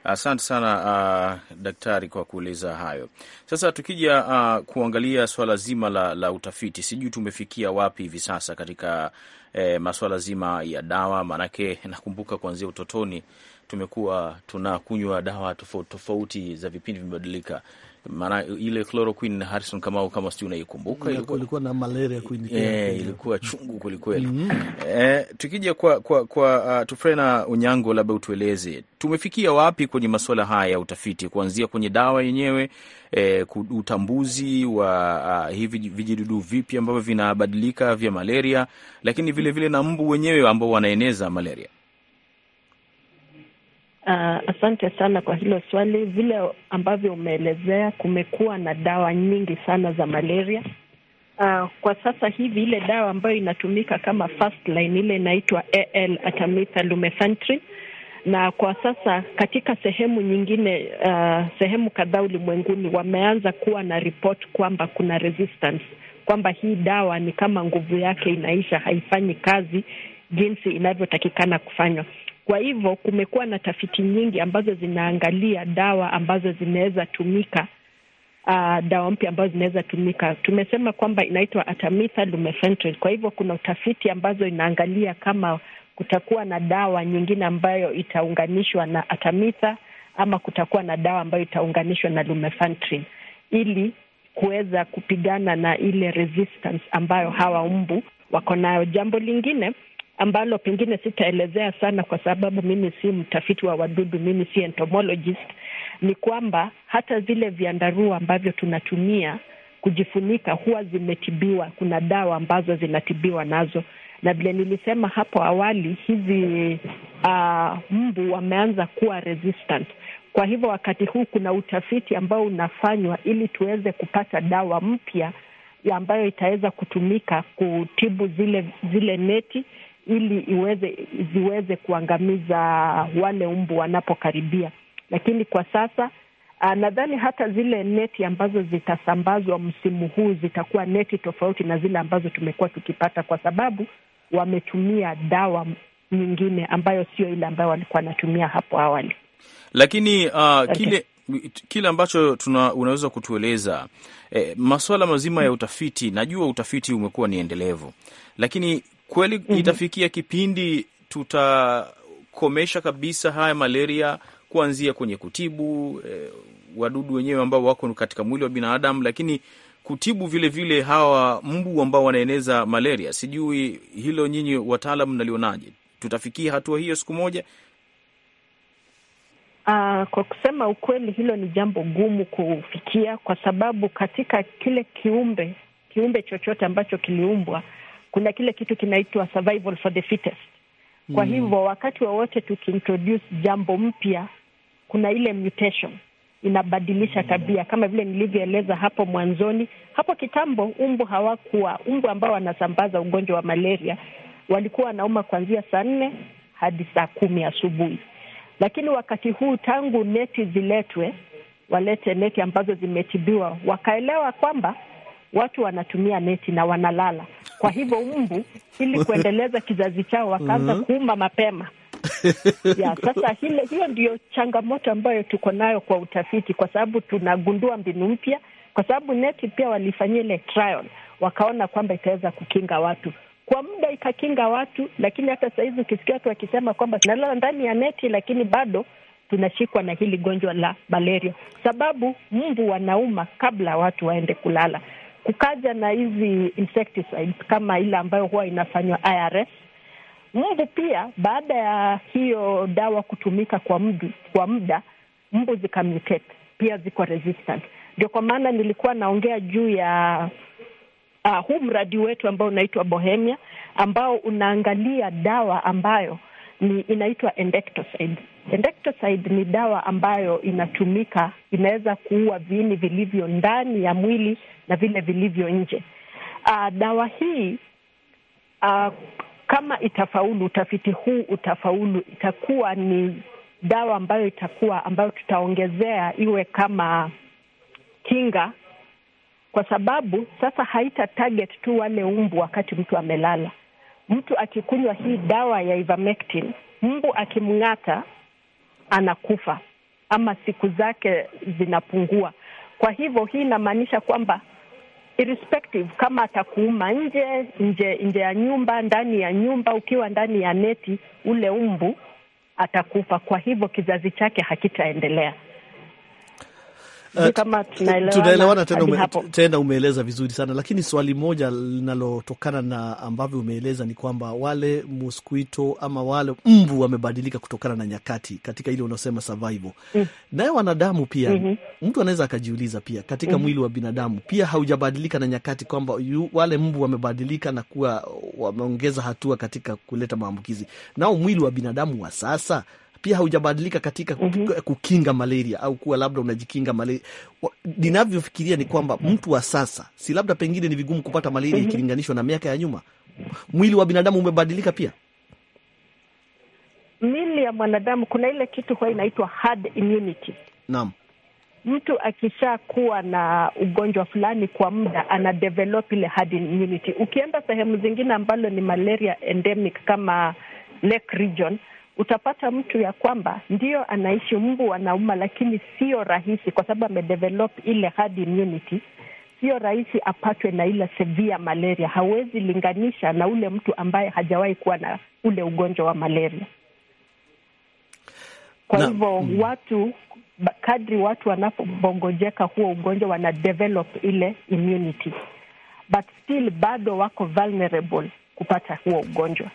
Asante sana uh, daktari kwa kueleza hayo. Sasa tukija uh, kuangalia swala zima la, la utafiti, sijui tumefikia wapi hivi sasa katika eh, maswala zima ya dawa, maanake nakumbuka kuanzia utotoni tumekuwa tunakunywa dawa tofauti tofauti za vipindi vimebadilika maana ile chloroquine na Harrison Kamau, kama sijui unaikumbuka, ilikuwa na malaria kwini, e, ilikuwa chungu kwelikweli. mm -hmm. E, eh, tukija kwa, kwa, kwa uh, ah, Tufrena Unyango, labda utueleze tumefikia wapi kwenye masuala haya ya utafiti, kuanzia kwenye dawa yenyewe e, utambuzi wa uh, hivi vijidudu vipi ambavyo vinabadilika vya malaria, lakini vilevile vile na mbu wenyewe ambao wanaeneza malaria. Uh, asante sana kwa hilo swali. Vile ambavyo umeelezea, kumekuwa na dawa nyingi sana za malaria. Uh, kwa sasa hivi ile dawa ambayo inatumika kama first line ile inaitwa AL Artemether Lumefantrine, na kwa sasa katika sehemu nyingine, uh, sehemu kadhaa ulimwenguni wameanza kuwa na ripoti kwamba kuna resistance, kwamba hii dawa ni kama nguvu yake inaisha, haifanyi kazi jinsi inavyotakikana kufanywa. Kwa hivyo kumekuwa na tafiti nyingi ambazo zinaangalia dawa ambazo zinaweza tumika Uh, dawa mpya ambazo zinaweza tumika. Tumesema kwamba inaitwa Artemether Lumefantrine. Kwa hivyo kuna utafiti ambazo inaangalia kama kutakuwa na dawa nyingine ambayo itaunganishwa na Artemether ama kutakuwa na dawa ambayo itaunganishwa na Lumefantrine ili kuweza kupigana na ile resistance ambayo hawa mbu wako nayo. Jambo lingine ambalo pengine sitaelezea sana kwa sababu mimi si mtafiti wa wadudu, mimi si entomologist, ni kwamba hata vile vyandarua ambavyo tunatumia kujifunika huwa zimetibiwa. Kuna dawa ambazo zinatibiwa nazo, na vile nilisema hapo awali, hizi uh, mbu wameanza kuwa resistant. Kwa hivyo wakati huu kuna utafiti ambao unafanywa ili tuweze kupata dawa mpya ambayo itaweza kutumika kutibu zile zile neti ili iweze ziweze kuangamiza wale mbu wanapokaribia. Lakini kwa sasa ah, nadhani hata zile neti ambazo zitasambazwa msimu huu zitakuwa neti tofauti na zile ambazo tumekuwa tukipata, kwa sababu wametumia dawa nyingine ambayo sio ile ambayo walikuwa wanatumia hapo awali. Lakini uh, okay. kile kile ambacho tuna, unaweza kutueleza eh, masuala mazima ya utafiti. Najua utafiti umekuwa ni endelevu, lakini kweli mm -hmm. Itafikia kipindi tutakomesha kabisa haya malaria, kuanzia kwenye kutibu eh, wadudu wenyewe ambao wako katika mwili wa binadamu, lakini kutibu vilevile vile hawa mbu ambao wanaeneza malaria. Sijui hilo nyinyi wataalam mnalionaje? Tutafikia hatua hiyo siku moja? Uh, kwa kusema ukweli, hilo ni jambo gumu kufikia, kwa sababu katika kile kiumbe kiumbe chochote ambacho kiliumbwa kuna kile kitu kinaitwa survival for the fittest. Kwa mm. hivyo wakati wowote wa tukiintroduce jambo mpya, kuna ile mutation inabadilisha mm. tabia, kama vile nilivyoeleza hapo mwanzoni. Hapo kitambo umbu hawakuwa umbu ambao wanasambaza ugonjwa wa malaria walikuwa wanauma kuanzia saa nne hadi saa kumi asubuhi, lakini wakati huu tangu neti ziletwe, walete neti ambazo zimetibiwa, wakaelewa kwamba watu wanatumia neti na wanalala. Kwa hivyo umbu, ili kuendeleza kizazi chao, wakaanza mm-hmm. kuumba mapema ya, sasa hile, hiyo ndiyo changamoto ambayo tuko nayo kwa utafiti, kwa sababu tunagundua mbinu mpya, kwa sababu neti pia walifanyia ile trial, wakaona kwamba itaweza kukinga watu kwa muda, ikakinga watu. Lakini hata sahizi ukisikia watu wakisema kwamba tunalala ndani ya neti, lakini bado tunashikwa na hili gonjwa la malaria, sababu mbu wanauma kabla watu waende kulala kukaja na hizi insecticides kama ile ambayo huwa inafanywa IRS mbu pia. Baada ya hiyo dawa kutumika kwa mdu, kwa muda mbu zikamutate pia, ziko resistant. Ndio kwa maana nilikuwa naongea juu ya uh, huu mradi wetu ambao unaitwa Bohemia ambao unaangalia dawa ambayo ni inaitwa endectocide Endectocide ni dawa ambayo inatumika, inaweza kuua viini vilivyo ndani ya mwili na vile vilivyo nje. Uh, dawa hii uh, kama itafaulu, utafiti huu utafaulu, itakuwa ni dawa ambayo itakuwa ambayo tutaongezea iwe kama kinga, kwa sababu sasa haita target tu wale umbu wakati mtu amelala. Mtu akikunywa hii dawa ya ivermectin, mbu akimng'ata anakufa ama siku zake zinapungua. Kwa hivyo hii inamaanisha kwamba irrespective kama atakuuma nje nje nje ya nyumba, ndani ya nyumba, ukiwa ndani ya neti, ule umbu atakufa. Kwa hivyo kizazi chake hakitaendelea. Eh, tunaelewana tena, ume, tena umeeleza vizuri sana lakini swali moja linalotokana na ambavyo umeeleza ni kwamba wale mosquito ama wale mbu wamebadilika kutokana na nyakati katika ile unaosema survival mm. Naye wanadamu pia mm -hmm. Mtu anaweza akajiuliza pia katika mm -hmm. mwili wa binadamu pia haujabadilika na nyakati kwamba wale mbu wamebadilika na kuwa wameongeza hatua katika kuleta maambukizi, nao mwili wa binadamu wa sasa pia haujabadilika katika mm -hmm. kukinga malaria au kuwa labda unajikinga malaria. Ninavyofikiria ni kwamba mtu wa sasa, si labda pengine ni vigumu kupata malaria mm -hmm. ikilinganishwa na miaka ya nyuma. Mwili wa binadamu umebadilika pia mili ya mwanadamu kuna ile kitu huwa inaitwa herd immunity. Naam, mtu akishakuwa na ugonjwa fulani kwa muda ana develop ile herd immunity. Ukienda sehemu zingine ambalo ni malaria endemic kama Lake region, utapata mtu ya kwamba ndiyo anaishi mbu anauma, lakini sio rahisi, kwa sababu amedevelop ile herd immunity. Sio rahisi apatwe na ile severe malaria, hawezi linganisha na ule mtu ambaye hajawahi kuwa na ule ugonjwa wa malaria. Kwa hivyo mm, watu kadri watu wanapobongojeka huo ugonjwa wana develop ile immunity, but still bado wako vulnerable kupata huo ugonjwa.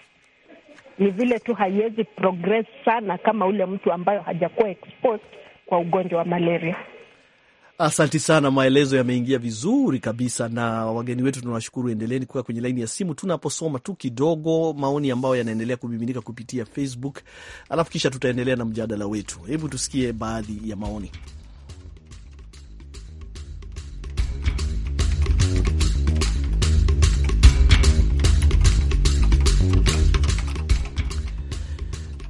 Ni vile tu haiwezi progress sana kama ule mtu ambayo hajakuwa exposed kwa ugonjwa wa malaria. Asanti sana, maelezo yameingia vizuri kabisa, na wageni wetu tunawashukuru. endeleni kuwa kwenye laini ya simu, tunaposoma tu kidogo maoni ambayo yanaendelea kumiminika kupitia Facebook, alafu kisha tutaendelea na mjadala wetu. Hebu tusikie baadhi ya maoni.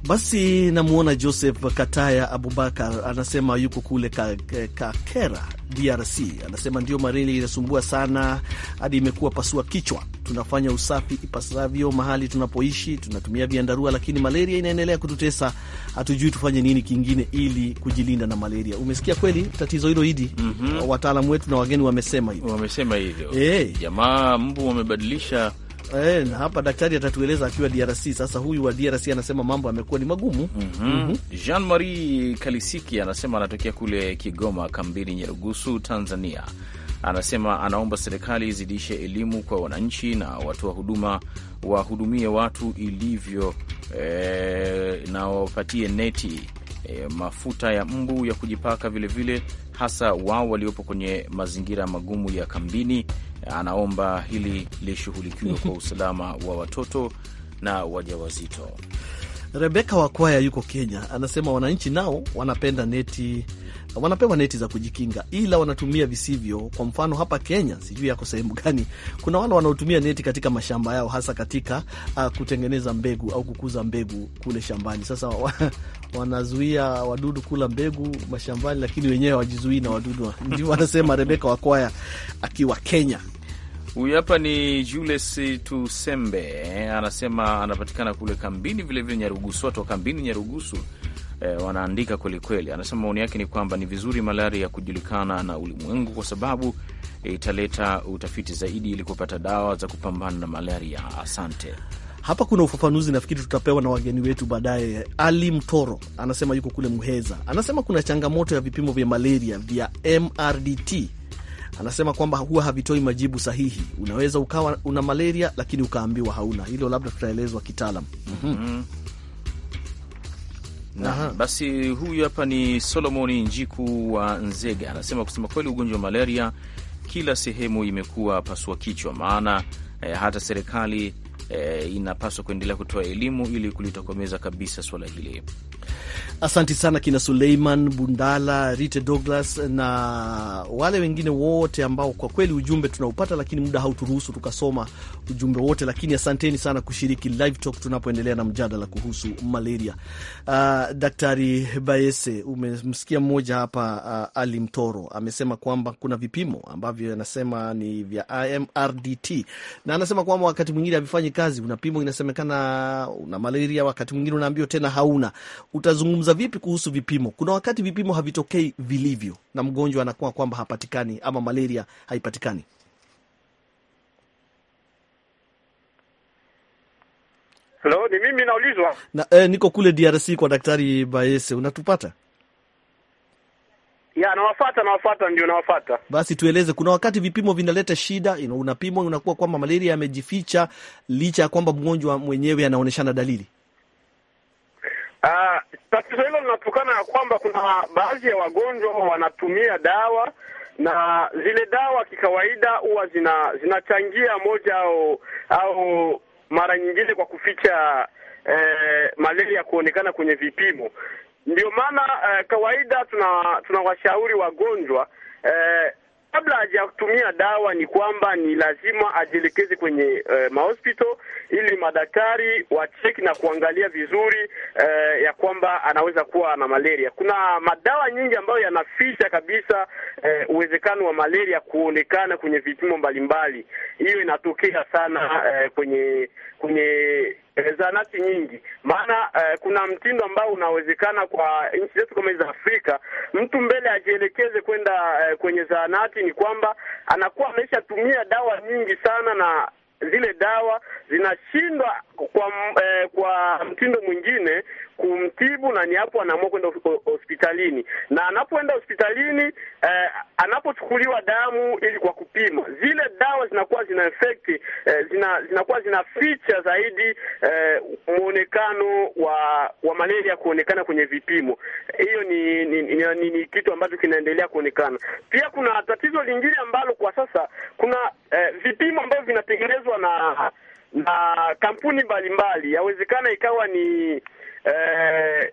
Basi namwona Joseph Kataya Abubakar anasema yuko kule Kakera ka DRC. Anasema ndio mareli inasumbua sana hadi imekuwa pasua kichwa. Tunafanya usafi ipasavyo mahali tunapoishi, tunatumia viandarua lakini malaria inaendelea kututesa. Hatujui tufanye nini kingine ili kujilinda na malaria. Umesikia kweli tatizo hilo hidi mm -hmm. Wataalamu wetu na wageni wamesema hivyo, wamesema hivyo. Hey. Eh. Jamaa mbu wamebadilisha eh, hapa daktari atatueleza akiwa DRC. Sasa huyu wa DRC anasema mambo yamekuwa ni magumu. mm -hmm. mm -hmm. Jean Marie Kalisiki anasema anatokea kule Kigoma Kambini Nyerugusu, Tanzania. Anasema anaomba serikali izidishe elimu kwa wananchi na wa huduma wahudumie watu ilivyo, eh, na wapatie neti eh, mafuta ya mbu ya kujipaka vilevile, hasa wao waliopo kwenye mazingira magumu ya kambini anaomba hili lishughulikiwe kwa usalama wa watoto na wajawazito. Rebeka Wakwaya yuko Kenya, anasema wananchi nao wanapenda neti, wanapewa neti za kujikinga, ila wanatumia visivyo. Kwa mfano hapa Kenya, sijui yako sehemu gani, kuna wale wanaotumia neti katika mashamba yao, hasa katika uh, kutengeneza mbegu au kukuza mbegu kule shambani. Sasa wa, wanazuia wadudu kula mbegu mashambani, lakini wenyewe hawajizuii na wadudu. Ndio wanasema Rebeka Wakwaya akiwa Kenya. Huyu hapa ni Jules Tusembe, eh, anasema anapatikana kule kambini, vilevile Nyarugusu, kambini Nyarugusu. E, wanaandika kwelikweli. Anasema maoni yake ni kwamba ni vizuri malaria ya kujulikana na ulimwengu kwa sababu eh, italeta e, utafiti zaidi ili kupata dawa za kupambana na malaria. Asante. Hapa kuna ufafanuzi nafikiri tutapewa na wageni wetu baadaye. Ali Mtoro anasema yuko kule Muheza, anasema kuna changamoto ya vipimo vya malaria vya MRDT anasema kwamba huwa havitoi majibu sahihi. Unaweza ukawa una malaria lakini ukaambiwa hauna. Hilo labda tutaelezwa kitaalam. Mhm. mm -hmm. Na, basi huyu hapa ni Solomoni Njiku wa Nzega, anasema kusema kweli, ugonjwa wa malaria kila sehemu imekuwa pasua kichwa, maana eh, hata serikali eh, inapaswa kuendelea kutoa elimu ili kulitokomeza kabisa swala hili. Asanti sana kina Suleiman Bundala, Rite Douglas na wale wengine wote ambao kwa kweli ujumbe tunaupata, lakini muda hauturuhusu tukasoma ujumbe wote, lakini asanteni sana kushiriki live talk tunapoendelea na mjadala kuhusu malaria. Uh, Daktari Bayese, umemsikia mmoja hapa uh, Ali Mtoro amesema kwamba kuna vipimo ambavyo anasema ni vya IMRDT na anasema kwamba wakati mwingine havifanyi kazi. Unapimwa, inasemekana una malaria, wakati mwingine unaambiwa tena hauna. Utazungumza tunazungumza vipi kuhusu vipimo? Kuna wakati vipimo havitokei vilivyo, na mgonjwa anakuwa kwamba hapatikani ama malaria haipatikani. Hello, ni mimi naulizwa na, eh, niko kule DRC kwa Daktari Baese, unatupata? Ya, nawafata nawafata, ndio nawafata. Basi tueleze, kuna wakati vipimo vinaleta shida, unapimwa unakuwa kwamba malaria yamejificha licha ya kwamba mgonjwa mwenyewe anaonyeshana dalili. Ah, tatizo hilo linatokana ya kwamba kuna baadhi ya wagonjwa wanatumia dawa na zile dawa kikawaida huwa zina zinachangia moja au au mara nyingine kwa kuficha eh, malaria kuonekana kwenye vipimo. Ndio maana eh, kawaida tuna washauri wagonjwa eh, kabla hajatumia dawa, ni kwamba ni lazima ajielekeze kwenye eh, mahospital ili madaktari wacheki na kuangalia vizuri eh, ya kwamba anaweza kuwa na malaria. Kuna madawa nyingi ambayo yanaficha kabisa eh, uwezekano wa malaria kuonekana kwenye vipimo mbalimbali. Hiyo inatokea sana eh, kwenye kwenye E, zahanati nyingi, maana eh, kuna mtindo ambao unawezekana kwa nchi zetu kama za Afrika, mtu mbele ajielekeze kwenda eh, kwenye zahanati, ni kwamba anakuwa ameshatumia dawa nyingi sana na zile dawa zinashindwa kwa, eh, kwa mtindo mwingine kumtibu na ni hapo anaamua kwenda hospitalini, na anapoenda hospitalini eh, anapochukuliwa damu ili kwa kupima, zile dawa zinakuwa zina effect eh, zina zinakuwa zinaficha zaidi eh, mwonekano wa wa malaria kuonekana kwenye vipimo. Hiyo ni ni, ni, ni, ni kitu ambacho kinaendelea kuonekana. Pia kuna tatizo lingine ambalo kwa sasa kuna eh, vipimo ambavyo vinatengenezwa na na kampuni mbalimbali. Yawezekana ikawa ni eh,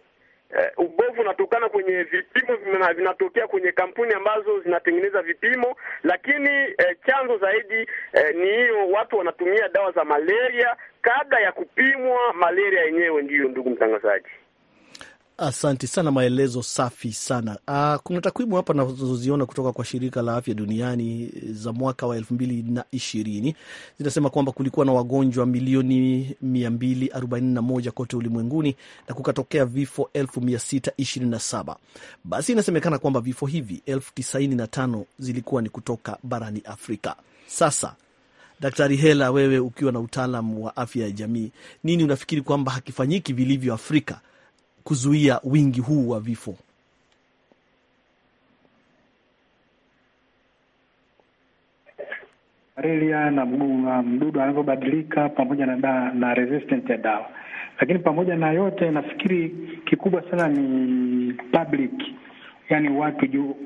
eh, ubovu unatokana kwenye vipimo vinatokea kwenye kampuni ambazo zinatengeneza vipimo, lakini eh, chanzo zaidi eh, ni hiyo watu wanatumia dawa za malaria kabla ya kupimwa malaria yenyewe. Ndiyo, ndugu mtangazaji. Asante sana, maelezo safi sana. Uh, kuna takwimu hapa nazoziona kutoka kwa shirika la afya duniani eh, za mwaka wa elfu mbili na ishirini zinasema kwamba kulikuwa na wagonjwa milioni 241 kote ulimwenguni na kukatokea vifo 627. Basi inasemekana kwamba vifo hivi tano zilikuwa ni kutoka barani Afrika. Sasa Daktari Hela, wewe ukiwa na utaalam wa afya ya jamii, nini unafikiri kwamba hakifanyiki vilivyo Afrika kuzuia wingi huu wa vifo? Malaria na mdudu anavyobadilika pamoja na da, na resistant ya dawa. Lakini pamoja na yote, nafikiri kikubwa sana ni public, yani watu juu,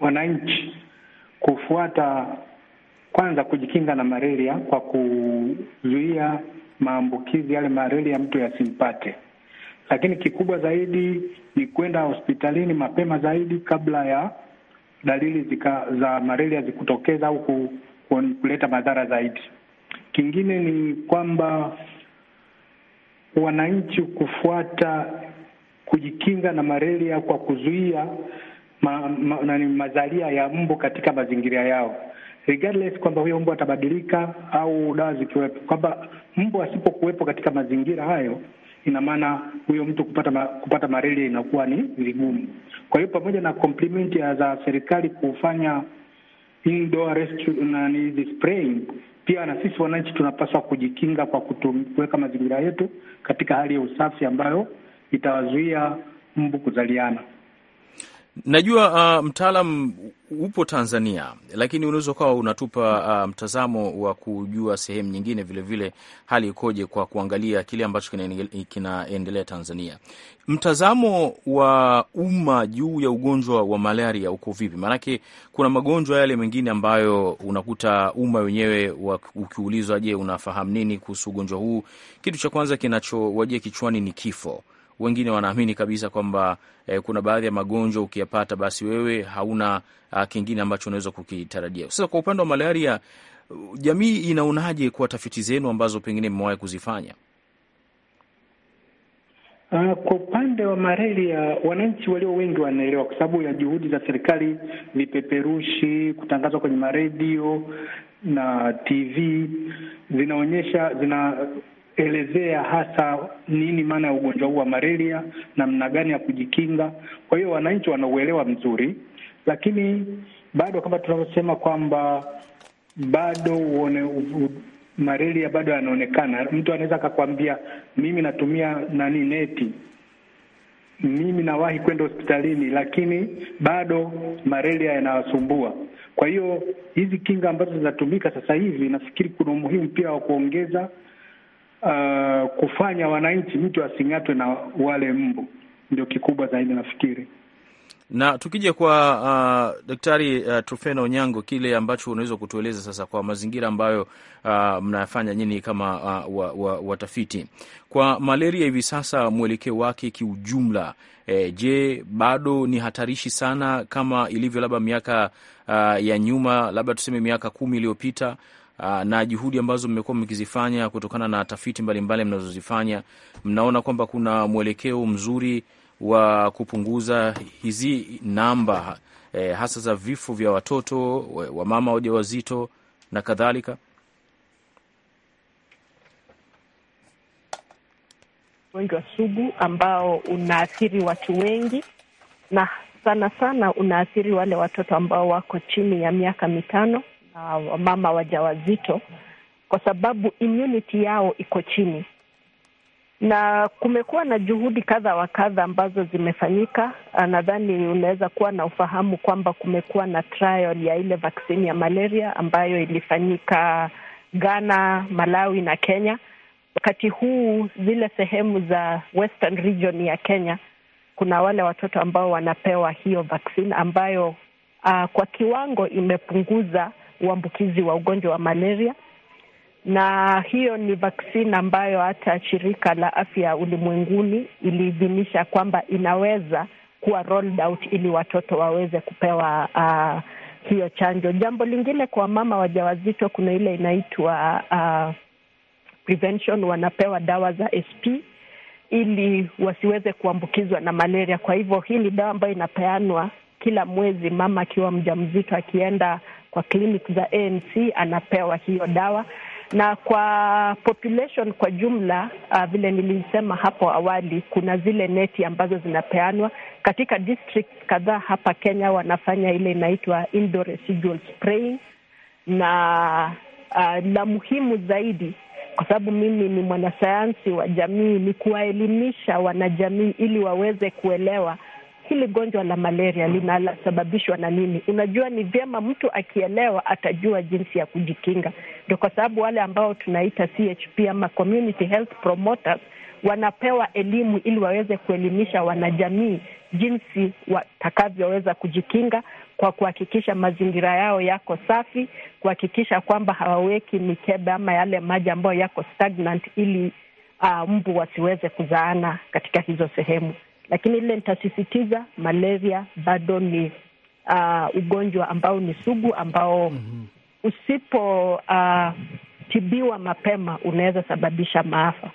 wananchi kufuata kwanza kujikinga na malaria kwa kuzuia maambukizi yale malaria mtu yasimpate lakini kikubwa zaidi ni kwenda hospitalini mapema zaidi kabla ya dalili zika, za malaria zikutokeza au ku, ku, kuleta madhara zaidi. Kingine ni kwamba wananchi kufuata kujikinga na malaria kwa kuzuia ma, ma, mazalia ya mbu katika mazingira yao regardless kwamba huyo mbu atabadilika au dawa zikiwepo, kwamba mbu asipokuwepo katika mazingira hayo ina maana huyo mtu kupata ma, kupata malaria inakuwa ni vigumu. Kwa hiyo pamoja na komplimenti za serikali kufanya indoor rescue na ni spraying, pia na sisi wananchi tunapaswa kujikinga kwa kuweka mazingira yetu katika hali ya usafi ambayo itawazuia mbu kuzaliana. Najua uh, mtaalam upo Tanzania, lakini unaweza ukawa unatupa uh, mtazamo wa kujua sehemu nyingine vilevile vile hali ikoje kwa kuangalia kile ambacho kinaendelea Tanzania. Mtazamo wa umma juu ya ugonjwa wa malaria uko vipi? Maanake kuna magonjwa yale mengine ambayo unakuta umma wenyewe ukiulizwa, je, unafahamu nini kuhusu ugonjwa huu, kitu cha kwanza kinachowajia kichwani ni kifo wengine wanaamini kabisa kwamba eh, kuna baadhi ya magonjwa ukiyapata, basi wewe hauna ah, kingine ambacho unaweza kukitarajia. Sasa kwa upande wa malaria, jamii inaonaje kwa tafiti zenu ambazo pengine mmewahi kuzifanya? Uh, kwa upande wa malaria wananchi walio wengi wanaelewa, kwa sababu ya juhudi za serikali, vipeperushi, kutangazwa kwenye maredio na TV zinaonyesha zina elezea hasa nini maana ya ugonjwa huu wa malaria, namna gani ya kujikinga. Kwa hiyo wananchi wanauelewa mzuri, lakini bado kama tunavyosema kwamba bado uone malaria bado yanaonekana. Mtu anaweza akakwambia mimi natumia nani neti, mimi nawahi kwenda hospitalini, lakini bado malaria yanawasumbua. Kwa hiyo hizi kinga ambazo zinatumika sasa hivi, nafikiri kuna umuhimu pia wa kuongeza uh, kufanya wananchi mtu asing'atwe na wale mbu, ndio kikubwa zaidi nafikiri. Na tukija kwa uh, Daktari uh, Trofena Onyango, kile ambacho unaweza kutueleza sasa kwa mazingira ambayo uh, mnayafanya nyini kama uh, watafiti wa, watafiti kwa malaria hivi sasa mwelekeo wake kiujumla, eh, je, bado ni hatarishi sana kama ilivyo labda miaka uh, ya nyuma, labda tuseme miaka kumi iliyopita? Ah, na juhudi ambazo mmekuwa mkizifanya kutokana na tafiti mbalimbali mnazozifanya, mnaona kwamba kuna mwelekeo mzuri wa kupunguza hizi namba eh, hasa za vifo vya watoto, wamama wajawazito na kadhalika? Ugonjwa sugu ambao unaathiri watu wengi na sana sana unaathiri wale watoto ambao wako chini ya miaka mitano uh, mama wajawazito kwa sababu immunity yao iko chini, na kumekuwa na juhudi kadha wa kadha ambazo zimefanyika. Ah, nadhani unaweza kuwa na ufahamu kwamba kumekuwa na trial ya ile vaksini ya malaria ambayo ilifanyika Ghana, Malawi na Kenya. Wakati huu zile sehemu za Western region ya Kenya kuna wale watoto ambao wanapewa hiyo vaksini ambayo, uh, kwa kiwango imepunguza uambukizi wa ugonjwa wa malaria, na hiyo ni vaksini ambayo hata shirika la afya ulimwenguni iliidhinisha kwamba inaweza kuwa rolled out ili watoto waweze kupewa uh, hiyo chanjo. Jambo lingine kwa mama wajawazito, kuna ile inaitwa uh, prevention, wanapewa dawa za SP ili wasiweze kuambukizwa na malaria. Kwa hivyo hii ni dawa ambayo inapeanwa kila mwezi, mama akiwa mjamzito akienda kwa kliniki za ANC anapewa hiyo dawa na kwa population kwa jumla uh, vile nilisema hapo awali, kuna zile neti ambazo zinapeanwa katika district kadhaa hapa Kenya. Wanafanya ile inaitwa indoor residual spraying, na uh, la muhimu zaidi, kwa sababu mimi ni mwanasayansi wa jamii, ni kuwaelimisha wanajamii ili waweze kuelewa hili gonjwa la malaria linasababishwa na nini? Unajua, ni vyema mtu akielewa, atajua jinsi ya kujikinga. Ndio kwa sababu wale ambao tunaita CHP ama community health promoters wanapewa elimu ili waweze kuelimisha wanajamii jinsi watakavyoweza kujikinga kwa kuhakikisha mazingira yao yako safi, kuhakikisha kwamba hawaweki mikebe ama yale maji ambayo yako stagnant, ili uh, mbu wasiweze kuzaana katika hizo sehemu. Lakini ile nitasisitiza, malaria bado ni uh, ugonjwa ambao ni sugu ambao mm -hmm. uh, mapema unaweza sababisha maafa.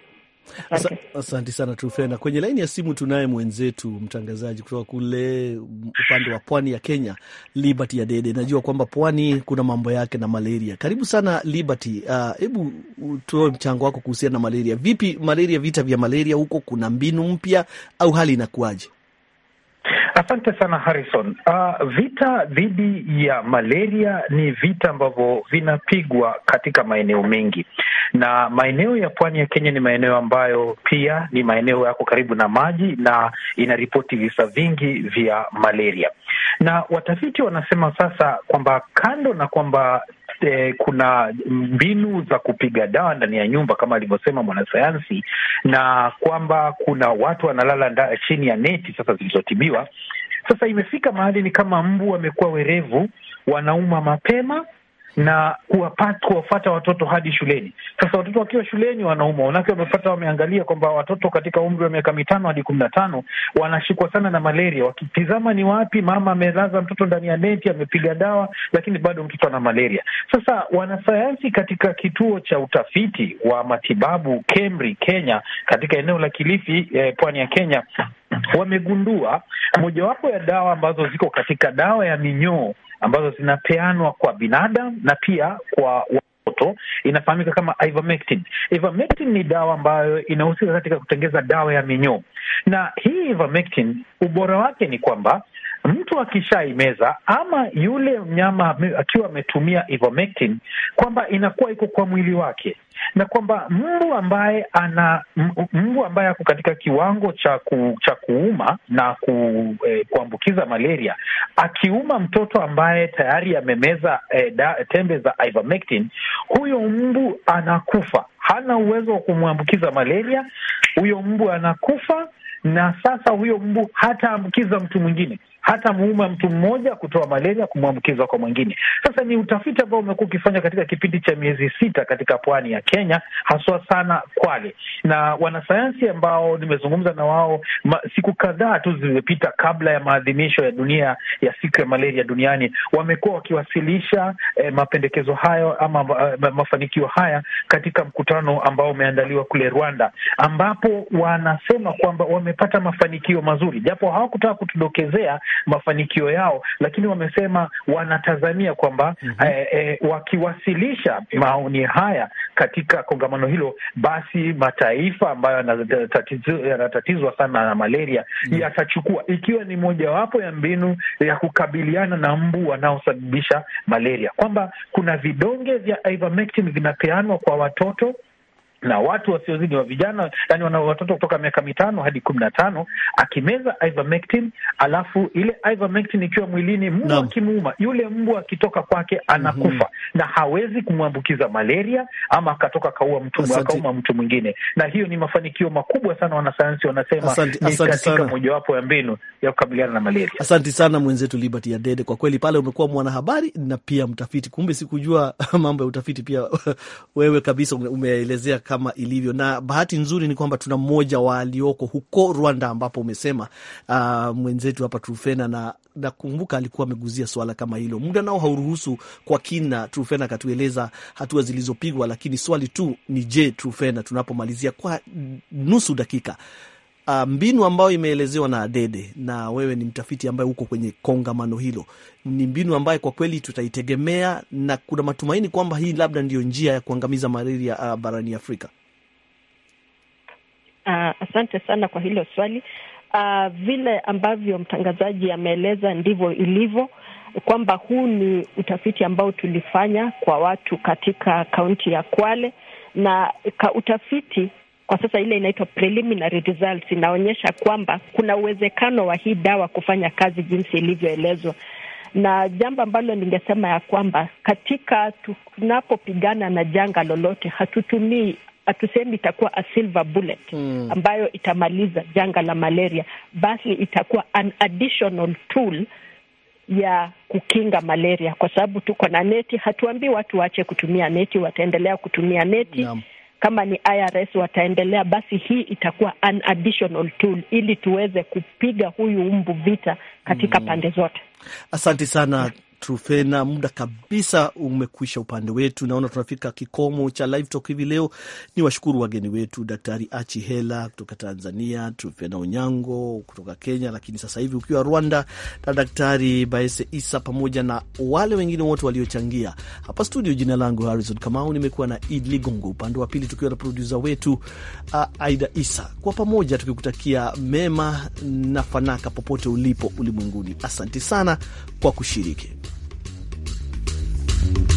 Asante, sana Trufena. Kwenye laini ya simu tunaye mwenzetu mtangazaji kutoka kule mm, upande wa pwani ya Kenya, Liberty Dede. Najua kwamba pwani kuna mambo yake na malaria. Karibu sana Liberty. Ah, hebu uh, utoe mchango wako kuhusiana na malaria. Vipi malaria, vita vya malaria huko, kuna mbinu mpya au hali inakuwaje? Asante sana Harrison. Uh, vita dhidi ya malaria ni vita ambavyo vinapigwa katika maeneo mengi, na maeneo ya pwani ya Kenya ni maeneo ambayo pia ni maeneo yako karibu na maji na inaripoti visa vingi vya malaria, na watafiti wanasema sasa kwamba kando na kwamba eh, kuna mbinu za kupiga dawa ndani ya nyumba kama alivyosema mwanasayansi, na kwamba kuna watu wanalala chini ya neti sasa zilizotibiwa. Sasa imefika mahali ni kama mbu wamekuwa werevu, wanauma mapema na kuwafata watoto hadi shuleni. Sasa watoto wakiwa shuleni wanaumwa, manake wamepata, wameangalia kwamba watoto katika umri wa miaka mitano hadi kumi na tano wanashikwa sana na malaria. Wakitizama ni wapi mama amelaza mtoto ndani ya neti, amepiga dawa, lakini bado mtoto ana malaria. Sasa wanasayansi katika kituo cha utafiti wa matibabu KEMRI Kenya, katika eneo la Kilifi, eh, pwani ya Kenya, wamegundua mojawapo ya dawa ambazo ziko katika dawa ya minyoo ambazo zinapeanwa kwa binadamu na pia kwa watoto, inafahamika kama ivermectin. Ivermectin ni dawa ambayo inahusika katika kutengeza dawa ya minyoo, na hii ivermectin ubora wake ni kwamba mtu akishaimeza ama yule mnyama akiwa ametumia ivermectin, kwamba inakuwa iko kwa mwili wake na kwamba mbu ambaye ana mbu ambaye ako katika kiwango cha ku, cha kuuma na ku, eh, kuambukiza malaria akiuma mtoto ambaye tayari amemeza eh, tembe za ivermectin, huyo mbu anakufa, hana uwezo wa kumwambukiza malaria. Huyo mbu anakufa na sasa huyo mbu hataambukiza mtu mwingine hata muuma mtu mmoja kutoa malaria kumwambukiza kwa mwingine. Sasa ni utafiti ambao umekuwa ukifanywa katika kipindi cha miezi sita katika pwani ya Kenya, haswa sana Kwale, na wanasayansi ambao nimezungumza na wao ma, siku kadhaa tu zilizopita kabla ya maadhimisho ya dunia ya siku ya malaria duniani, wamekuwa wakiwasilisha eh, mapendekezo hayo ama eh, mafanikio haya katika mkutano ambao umeandaliwa kule Rwanda, ambapo wanasema kwamba wamepata mafanikio mazuri, japo hawakutaka kutudokezea mafanikio yao, lakini wamesema wanatazamia kwamba mm -hmm. eh, eh, wakiwasilisha maoni haya katika kongamano hilo, basi mataifa ambayo yanatatizwa sana na malaria mm -hmm. yatachukua, ikiwa ni mojawapo ya mbinu ya kukabiliana na mbu wanaosababisha malaria, kwamba kuna vidonge vya ivermectin vinapeanwa kwa watoto na watu wasiozidi wa vijana, yani wana watoto kutoka miaka mitano hadi kumi na tano, akimeza ivermectin, alafu ile ivermectin ikiwa mwilini, mbwa no. akimuuma yule mbwa akitoka kwake anakufa mm -hmm. na hawezi kumwambukiza malaria ama akatoka kaua mtu akauma mtu mwingine, na hiyo ni mafanikio makubwa sana, wanasayansi wanasema asanti ni katika mojawapo ya mbinu ya kukabiliana na malaria. asanti sana mwenzetu Liberty Adede, kwa kweli pale umekuwa mwanahabari na pia mtafiti, kumbe sikujua mambo ya utafiti pia wewe kabisa umeelezea kama kama ilivyo, na bahati nzuri ni kwamba tuna mmoja wa alioko huko Rwanda ambapo umesema uh, mwenzetu hapa Trufena na nakumbuka alikuwa ameguzia swala kama hilo. Muda nao hauruhusu kwa kina Trufena akatueleza hatua zilizopigwa, lakini swali tu ni je, Trufena, tunapomalizia kwa nusu dakika uh, mbinu ambayo imeelezewa na adede na wewe ni mtafiti ambaye uko kwenye kongamano hilo, ni mbinu ambayo kwa kweli tutaitegemea na kuna matumaini kwamba hii labda ndiyo njia ya kuangamiza malaria uh, barani Afrika? Uh, asante sana kwa hilo swali. Uh, vile ambavyo mtangazaji ameeleza ndivyo ilivyo kwamba huu ni utafiti ambao tulifanya kwa watu katika kaunti ya Kwale na ka utafiti kwa sasa ile inaitwa preliminary results inaonyesha kwamba kuna uwezekano wa hii dawa kufanya kazi jinsi ilivyoelezwa na jambo ambalo ningesema ya kwamba katika tunapopigana na janga lolote, hatutumii hatusemi itakuwa a silver bullet hmm, ambayo itamaliza janga la malaria, basi itakuwa an additional tool ya kukinga malaria, kwa sababu tuko na neti. Hatuambii watu waache kutumia neti, wataendelea kutumia neti. yeah kama ni IRS wataendelea, basi hii itakuwa an additional tool ili tuweze kupiga huyu mbu vita katika mm, pande zote. Asante sana Trufena, muda kabisa umekwisha upande wetu. Naona tunafika kikomo cha live talk hivi leo. Ni washukuru wageni wetu, Daktari Achi Hela kutoka Tanzania, Trufena Onyango kutoka Kenya, lakini sasa hivi ukiwa Rwanda, na Daktari Baese Isa pamoja na wale wengine wote waliochangia hapa studio. Jina langu Harrison Kamau, nimekuwa na Id Ligongo upande wa pili, tukiwa na produsa wetu uh, Aida Isa, kwa pamoja tukikutakia mema na fanaka popote ulipo ulimwenguni. Asante sana kwa kushiriki. Thank you.